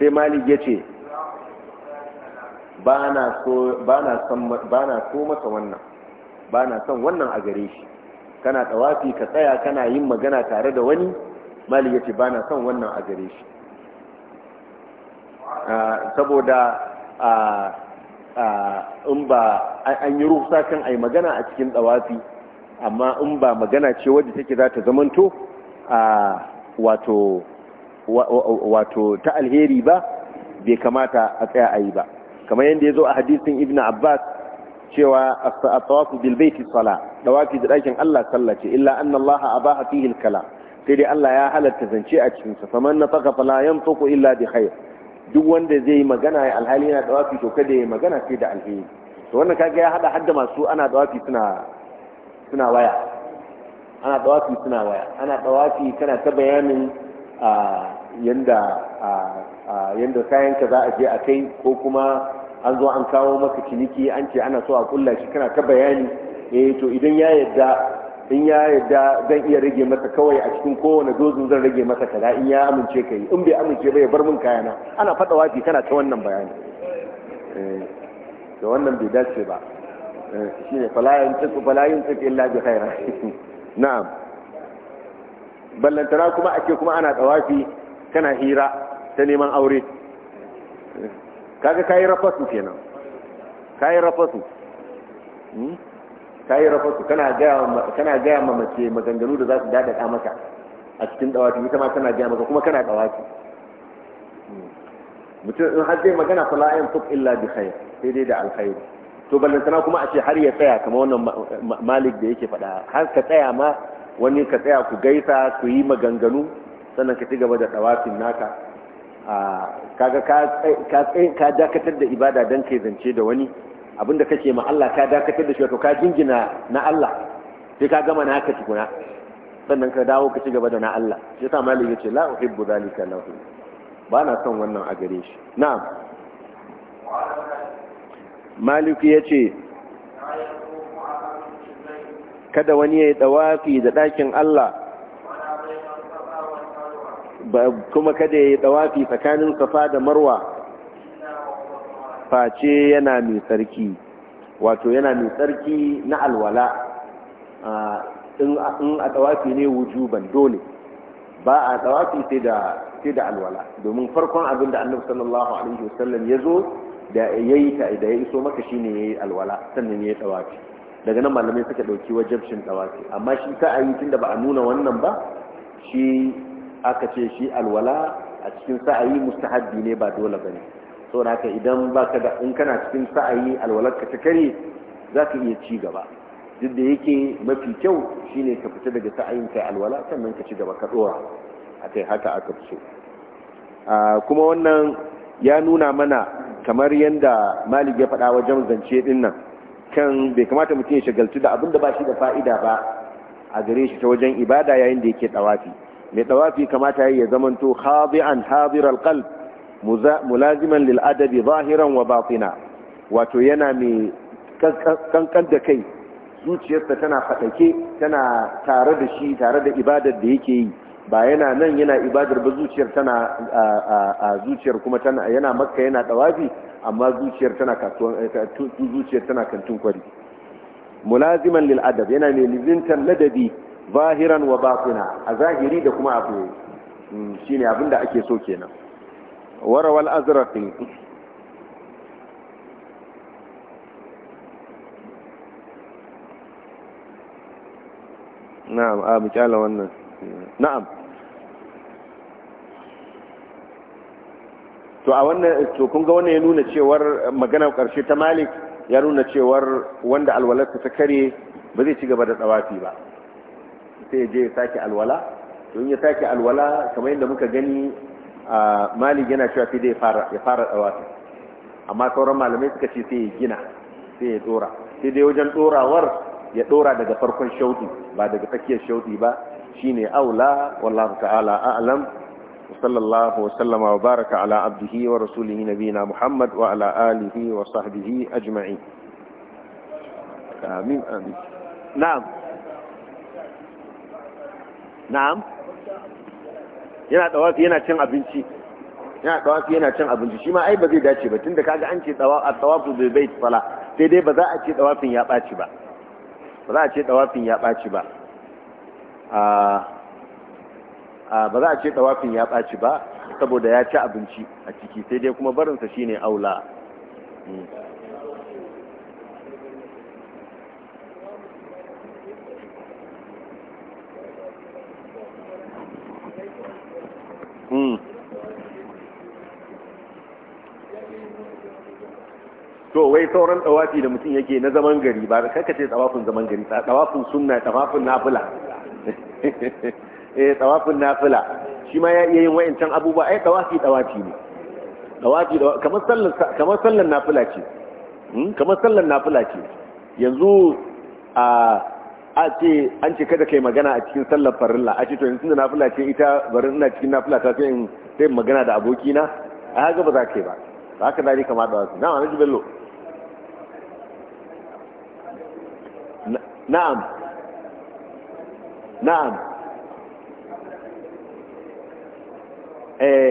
sai malik ya ce ba na so masa wannan ba na son wannan a gare shi kana tawafi ka tsaya kana yin magana tare da wani malik ya ce ba na son wannan a gare shi ah, saboda ah, in ba an yi rufsa kan ai magana a cikin tsawafi amma in ba magana ce wadda take za ta zamanto a wato wato ta alheri ba bai kamata a tsaya a ba kamar yadda ya zo a hadisin ibn abbas cewa a tawafu bil sala dawafi da ɗakin Allah sallace illa anna Allah abaha fihi al-kalam sai dai Allah ya halatta zance a cikin sa faman nafaqa fala ko illa bi khair duk wanda zai yi magana ya alhali yana dawafi to kada ya magana sai da alheri to wannan kaga ya hada hadda masu ana dawafi suna suna waya ana dawafi suna waya ana dawafi kana ta bayanin yanda yanda kayan ka za a je a kai ko kuma an zo an kawo maka ciniki an ce ana so a kulla shi kana ta bayani eh to idan ya yadda in ya yarda zan iya rage masa kawai a cikin kowane dozin zan rage masa kaza in ya amince ka yi in bai amince ba ya bar min kayana ana faɗa wafi kana ta wannan bayani da eh, wannan bai dace ba eh, shine falayin tsaki falayin tsaki illa bi khaira na'am ballantana kuma ake kuma ana tsawafi kana hira ta neman aure eh, kaga kai rafasu kenan kai rafasu hmm? ta yi rafasu kana gaya ma mace maganganu da za su daɗaɗa maka a cikin dawaki ita ma tana gaya maka kuma kana dawaki mutum in har zai magana fa la yanfuq illa bi khair sai dai da alkhairi to ballantana kuma a ce har ya tsaya kamar wannan malik da yake faɗa har ka tsaya ma wani ka tsaya ku gaisa ku yi maganganu sannan ka ci gaba da ɗawafin naka ah, kaga ka dakatar da ibada don kai zance da wani abinda kake ma Allah ka dakatar da shi to ka jingina na Allah sai ka gama na haka tukuna sannan ka dawo ka ci gaba da na Allah shi sa malik yace la uhibbu zalika lahu ba na son wannan a gare shi na'am malik yace kada wani yayi dawafi da dakin Allah kuma kada yayi dawafi tsakanin safa da marwa face yana mai sarki wato yana mai sarki na alwala in a tsawafi ne wujuban dole ba a tsawafi sai da alwala domin farkon abin da annabi sallallahu alaihi wasallam ya zo da ya yi da ya iso maka shine ya yi alwala sannan ya yi tsawafi daga nan malamai suka ɗauki wajabcin tsawafi amma shi ka a yi tun da ba a nuna wannan ba shi aka ce shi alwala a cikin sa'ayi mustahabbi ne ba dole ba ne saboda haka idan baka da in kana cikin sa'ayi alwalarka ta kare za ka iya ci gaba duk da yake mafi kyau shine ka fita daga sa'ayin kai alwala sannan ka ci gaba ka dora kai haka aka fi so kuma wannan ya nuna mana kamar yadda malik ya faɗa wajen zance ɗin nan kan bai kamata mutum ya shagaltu da abin da ba shi da fa'ida ba a gare shi ta wajen ibada yayin da yake ɗawafi mai ɗawafi kamata ya yi zamanto an hadir alqalb mulaziman lil adabi zahiran wa batina wato yana mai kankan da kai zuciyarsa tana fadake tana tare da shi tare da ibadar da yake yi ba yana nan yana ibadar ba zuciyar tana a zuciyar kuma tana yana makka yana ɗawabi amma zuciyar tana kasuwan eh, zuciyar tana kantin kwari mulaziman lil adab yana mai lizintan ladabi zahiran wa batina a zahiri da kuma a hmm, shine abinda ake so kenan وروى الأزرقي نعم آه بجعله وانا نعم to a wannan to kun ga wannan ya nuna cewar magana karshe ta Malik ya nuna cewar wanda alwalarsa ta kare ba zai ci gaba da tsawafi ba sai ya je ya sake alwala to in ya sake alwala kamar yadda muka gani malik yana cewa sai dai ya fara ta, amma sauran malamai suka ce sai ya gina sai ya dora sai dai wajen dorawar ya dora daga farkon shauɗi ba daga tsakiyar shauɗi ba shine aula wallahu ta'ala a'lam baraka ala abdihi wa rasulihi عبده muhammad wa ala alihi wa sahbihi ajma'i amin amin na'am na'am yana dawafi yana cin abinci yana dawafi yana cin abinci shi ma ai ba zai dace ba tunda kaga an ce dawafu bil bait sala sai dai ba za a ce dawafin ya baci ba ba za a ce dawafin ya baci ba a ba za a ce dawafin ya baci ba saboda ya ci abinci a ciki sai dai kuma barinsa shine aula hmm. to wai sauran tawafi da mutum yake na zaman gari ba ka ce tawafin zaman gari tawafin sunna tawafin nafila eh tawafin nafila shi ma ya iya yin wayancan abubuwa ai tawafi tsawafi ne kamar sallar kamar sallar nafila ce hmm? kamar sallar nafila ce yanzu a a ce an ce kada kai magana a cikin sallar farilla a ce to yanzu da nafila ce ita bari ina cikin nafila ta sai in sai magana da abokina a haka ba za ka yi ba haka dalika ma da wasu na wani jibello na'am na'am eh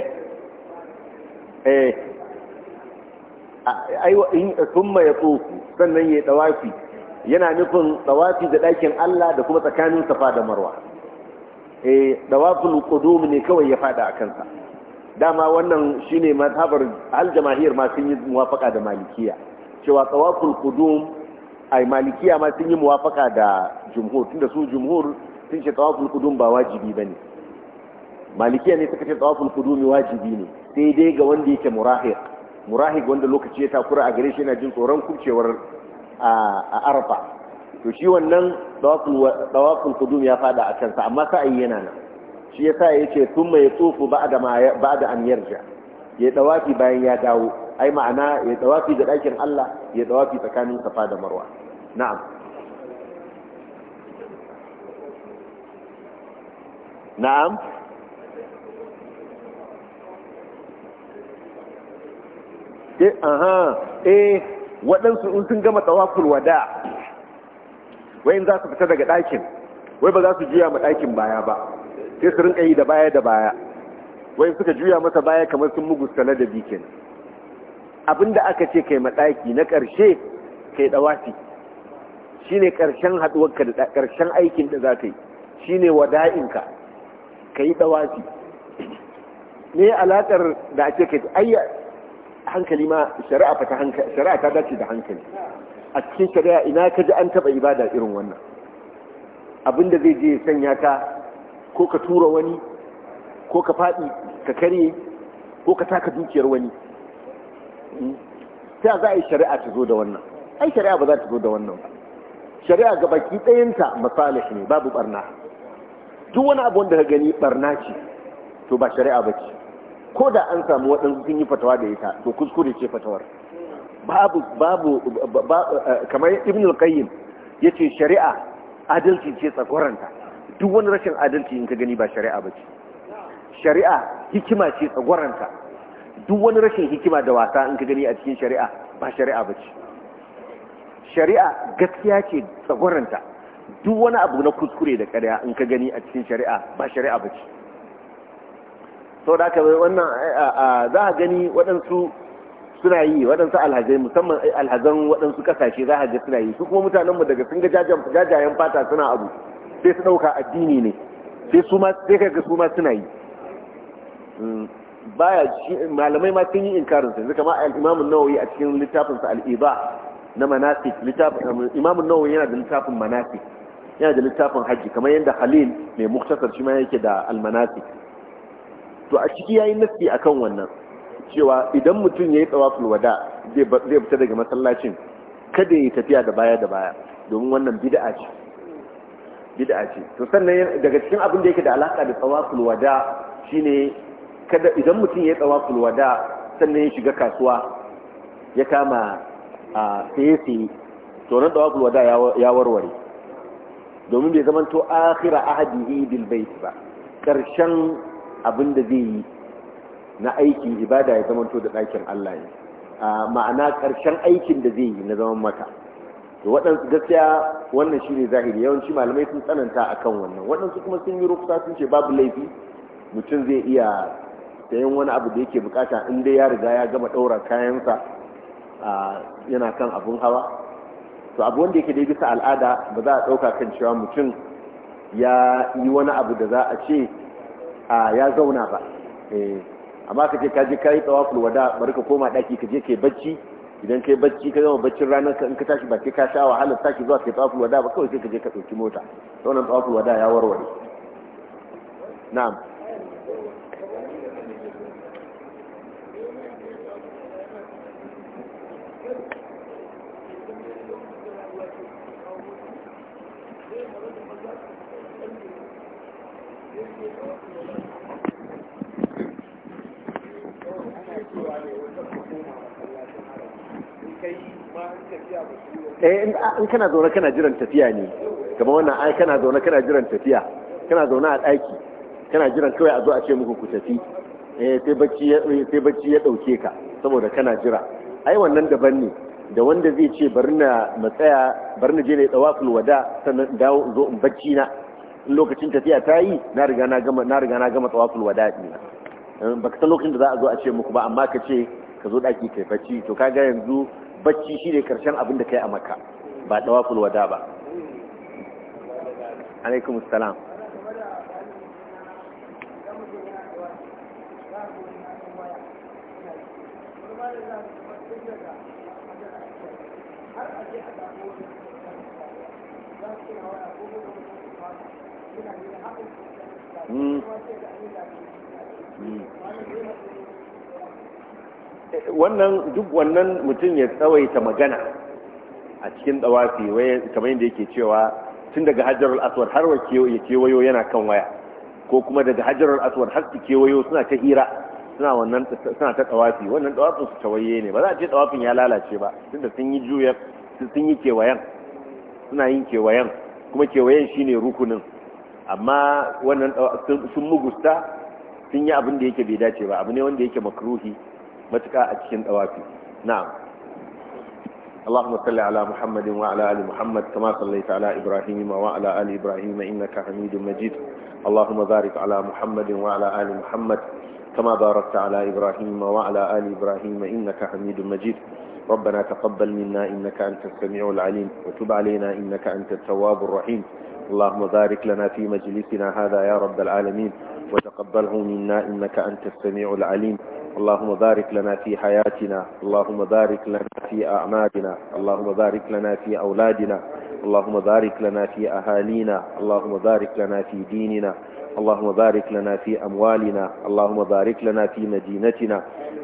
eh aiwa in thumma yatufu sannan yana nufin dawafi da ɗakin Allah da kuma tsakanin safa da marwa e eh, dawaful qudum ne kawai ya fada a kansa, dama wannan shine mazhabar al masu ma sun yi muwafaqa da malikiya cewa tawaful qudum ai malikiya ma sun yi muwafaka da jumhur da su jumhur sun ce tsawafin kudu ba wajibi ba ne, malikiya ne suka ce kudu qudum wajibi ne sai dai ga wanda yake murahir murahir wanda lokaci ya takura a gare shi yana jin tsoron kurcewar a arfa to shi wannan tsawafin kudu ya fada a kansa amma sa'ayi yana nan shi ya ya ce tun mai tsofu ba da an yarja ya tsawafi bayan ya dawo ai ma'ana ya tawafi da ɗakin Allah ya tawafi tsakanin safa da marwa na'am na'am eh aha eh waɗansu in sun gama tawaful wada wayin za su fita daga ɗakin wai ba za su jiya ma ɗakin baya ba sai su rinka yi da baya da baya wai suka juya masa baya kamar sun mugusta da bikin. Abin da aka ce kai matsaki na ƙarshe kai dawafi shine ƙarshen haduwarka da ƙarshen aikin da za ka yi shine wada'inka ka yi dawafi ne alaƙar da ake kai ayya hankali ma shari'a fata hankali shari'a ta dace da hankali a cikin shari'a ina ka ji an taba ibada irin wannan abinda zai je sanya ka ko ka tura wani ko ka faɗi ka karye ko ka taka dukiyar wani ta za a yi shari'a ta zo da wannan ai shari'a ba za ta zo da wannan ba shari'a ga baki ɗayanta masalih ne babu barna duk wani abu wanda ka gani barna ce to ba shari'a ba ce ko da an samu waɗansu sun yi fatawa da ita to kuskure ce fatawar babu babu kamar ibn al-qayyim yace shari'a adalci ce tsagoranta duk wani rashin adalci in ka gani ba shari'a ba ce shari'a hikima ce tsagoranta duk wani rashin hikima da wasa in ka gani a cikin shari'a ba shari'a ba ce shari'a gaskiya ce tsagoranta duk wani abu na kuskure da ƙarya in ka gani a cikin shari'a ba shari'a ba ce sau da aka wannan eh, za a gani waɗansu suna yi waɗansu alhazai musamman eh, alhazan waɗansu ƙasashe za a ga suna yi su kuma mutanenmu daga sun ga jajayen fata suna abu sai su ɗauka addini ne sai su ma sai ga su ma suna yi hmm. baya malamai ma sun yi inkarin sa yanzu kama al-Imam an-Nawawi a cikin littafin sa al-Iba na manasik littafin um, Imam an-Nawawi yana da littafin manasik yana da littafin haji kamar yadda Khalil mai muktasar shi ma yake da al-manasik to a ciki yayin nasi akan wannan cewa idan mutum yayi tawaful wada zai zai fita daga masallacin kada ya tafiya da baya da baya domin wannan bid'a ce bid'a ce to sannan daga cikin abin da yake da alaka da tawaful wada shine kada idan mutum ya tsawaful wada sannan ya shiga kasuwa ya kama a saye-saye to nan ya warware domin bai zama to akhira ahadihi bai bait ba karshen abin da zai yi na aiki ibada ya zama to da ɗakin Allah ne ma'ana karshen aikin da zai yi na zaman maka to waɗansu gaskiya wannan shi ne zahiri yawanci malamai sun tsananta a kan wannan waɗansu kuma sun yi ruksa sun ce babu laifi mutum zai iya yin wani abu da yake bukata in dai ya riga ya gama ɗaura kayansa yana kan abun hawa to abu wanda yake dai bisa al'ada ba za a ɗauka kan cewa mutum ya yi wani abu da za a ce ya zauna ba eh, amma ka ce kaji kayi tsawaful wada bari ka koma ɗaki ka je kai bacci idan kai bacci ka zama baccin ranar ka in ka tashi ba ke ka sha wahalar tashi zuwa kai tsawaful wada ba kawai sai ka je ka ɗauki mota wannan tsawaful wada ya warware na'am eh ah, in kana zaune kana jiran tafiya ne kamar wannan ai kana zaune kana jiran tafiya kana zaune a ɗaki kana jiran kawai a zo a ce muku ku tafi eh sai bacci ya eh, ɗauke ka saboda kana jira ai wannan daban ne da wanda zai ce bari na matsaya bari na je na tsawaful wada sannan dawo zo in bacci na in lokacin tafiya ta yi na riga na gama na riga na gama tsawaful wada ɗina eh, baka san lokacin da za a zo a ce muku ba amma ka ce ka zo daki kai bacci to kaga yanzu bacci ne karshen abin da yi a makka ba dawaful wada ba alaikum salam Mm. Mm. wannan duk wannan mutum ya tsawaita magana a cikin dawafi kamar yadda yake cewa tun daga hajjarul aswad har ya kewayo yana kan waya ko kuma daga hajjarul aswad har su kewayo suna ta hira suna wannan suna ta tsawafi wannan tsawafin su tawaye ne ba za a ce tsawafin ya lalace ba da sun yi juya sun yi kewayen suna yin kewayen kuma kewayen shine rukunin amma wannan sun mugusta sun yi abin da yake bai dace ba abu ne wanda yake makruhi matuƙa a cikin dawafi na'am اللهم صل على محمد وعلى ال محمد كما صليت على ابراهيم وعلى ال ابراهيم انك حميد مجيد اللهم بارك على محمد وعلى ال محمد كما باركت على ابراهيم وعلى ال ابراهيم انك حميد مجيد ربنا تقبل منا انك انت السميع العليم وتب علينا انك انت التواب الرحيم اللهم بارك لنا في مجلسنا هذا يا رب العالمين وتقبله منا انك انت السميع العليم اللهم بارك لنا في حياتنا اللهم بارك لنا في أعمالنا اللهم بارك لنا في أولادنا اللهم بارك لنا في أهالينا اللهم بارك لنا في ديننا اللهم بارك لنا في أموالنا اللهم بارك لنا في مدينتنا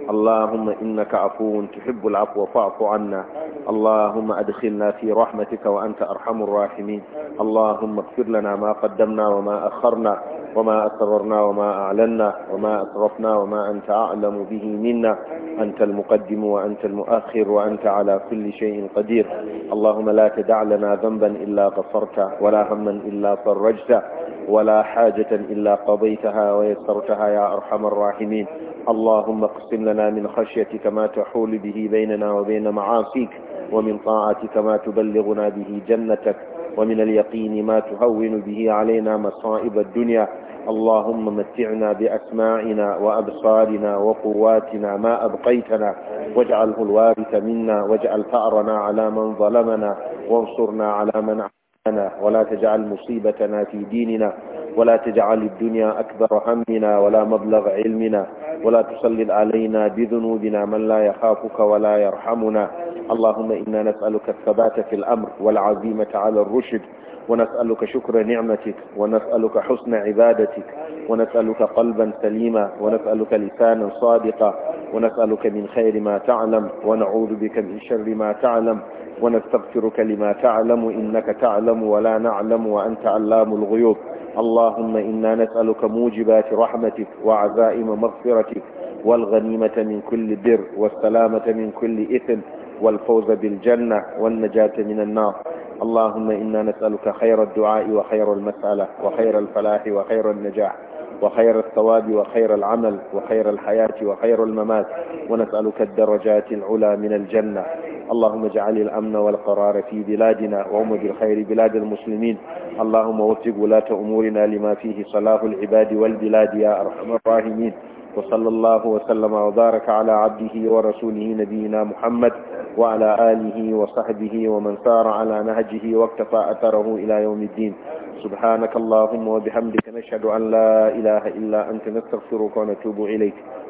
اللهم إنك عفو تحب العفو فاعف عنا اللهم أدخلنا في رحمتك وأنت أرحم الراحمين اللهم اغفر لنا ما قدمنا وما أخرنا وما أسررنا وما أعلنا وما أسرفنا وما أنت أعلم به منا أنت المقدم وأنت المؤخر وأنت على كل شيء قدير اللهم لا تدع لنا ذنبا إلا غفرته ولا هما إلا فرجته ولا حاجة إلا قضيتها ويسرتها يا أرحم الراحمين اللهم اقسم لنا من خشيتك ما تحول به بيننا وبين معاصيك ومن طاعتك ما تبلغنا به جنتك ومن اليقين ما تهون به علينا مصائب الدنيا اللهم متعنا بأسماعنا وأبصارنا وقواتنا ما أبقيتنا واجعله الوارث منا واجعل ثأرنا على من ظلمنا وانصرنا على من عمنا ولا تجعل مصيبتنا في ديننا ولا تجعل الدنيا أكبر همنا ولا مبلغ علمنا ولا تسلل علينا بذنوبنا من لا يخافك ولا يرحمنا اللهم إنا نسألك الثبات في الأمر والعزيمة على الرشد ونسألك شكر نعمتك ونسألك حسن عبادتك ونسألك قلبا سليما ونسألك لسانا صادقا ونسألك من خير ما تعلم ونعوذ بك من شر ما تعلم ونستغفرك لما تعلم إنك تعلم ولا نعلم وأنت علام الغيوب اللهم إنا نسألك موجبات رحمتك وعزائم مغفرتك والغنيمة من كل بر والسلامة من كل إثم والفوز بالجنة والنجاة من النار اللهم إنا نسألك خير الدعاء وخير المسألة وخير الفلاح وخير النجاح وخير الثواب وخير العمل وخير الحياة وخير الممات ونسألك الدرجات العلى من الجنة اللهم اجعل الأمن والقرار في بلادنا وهم بالخير بلاد المسلمين اللهم وفق ولاة أمورنا لما فيه صلاح العباد والبلاد يا أرحم الراحمين وصلى الله وسلم وبارك على عبده ورسوله نبينا محمد وعلى آله وصحبه ومن سار على نهجه واكتفى أثره إلى يوم الدين سبحانك اللهم وبحمدك نشهد أن لا إله إلا أنت نستغفرك ونتوب إليك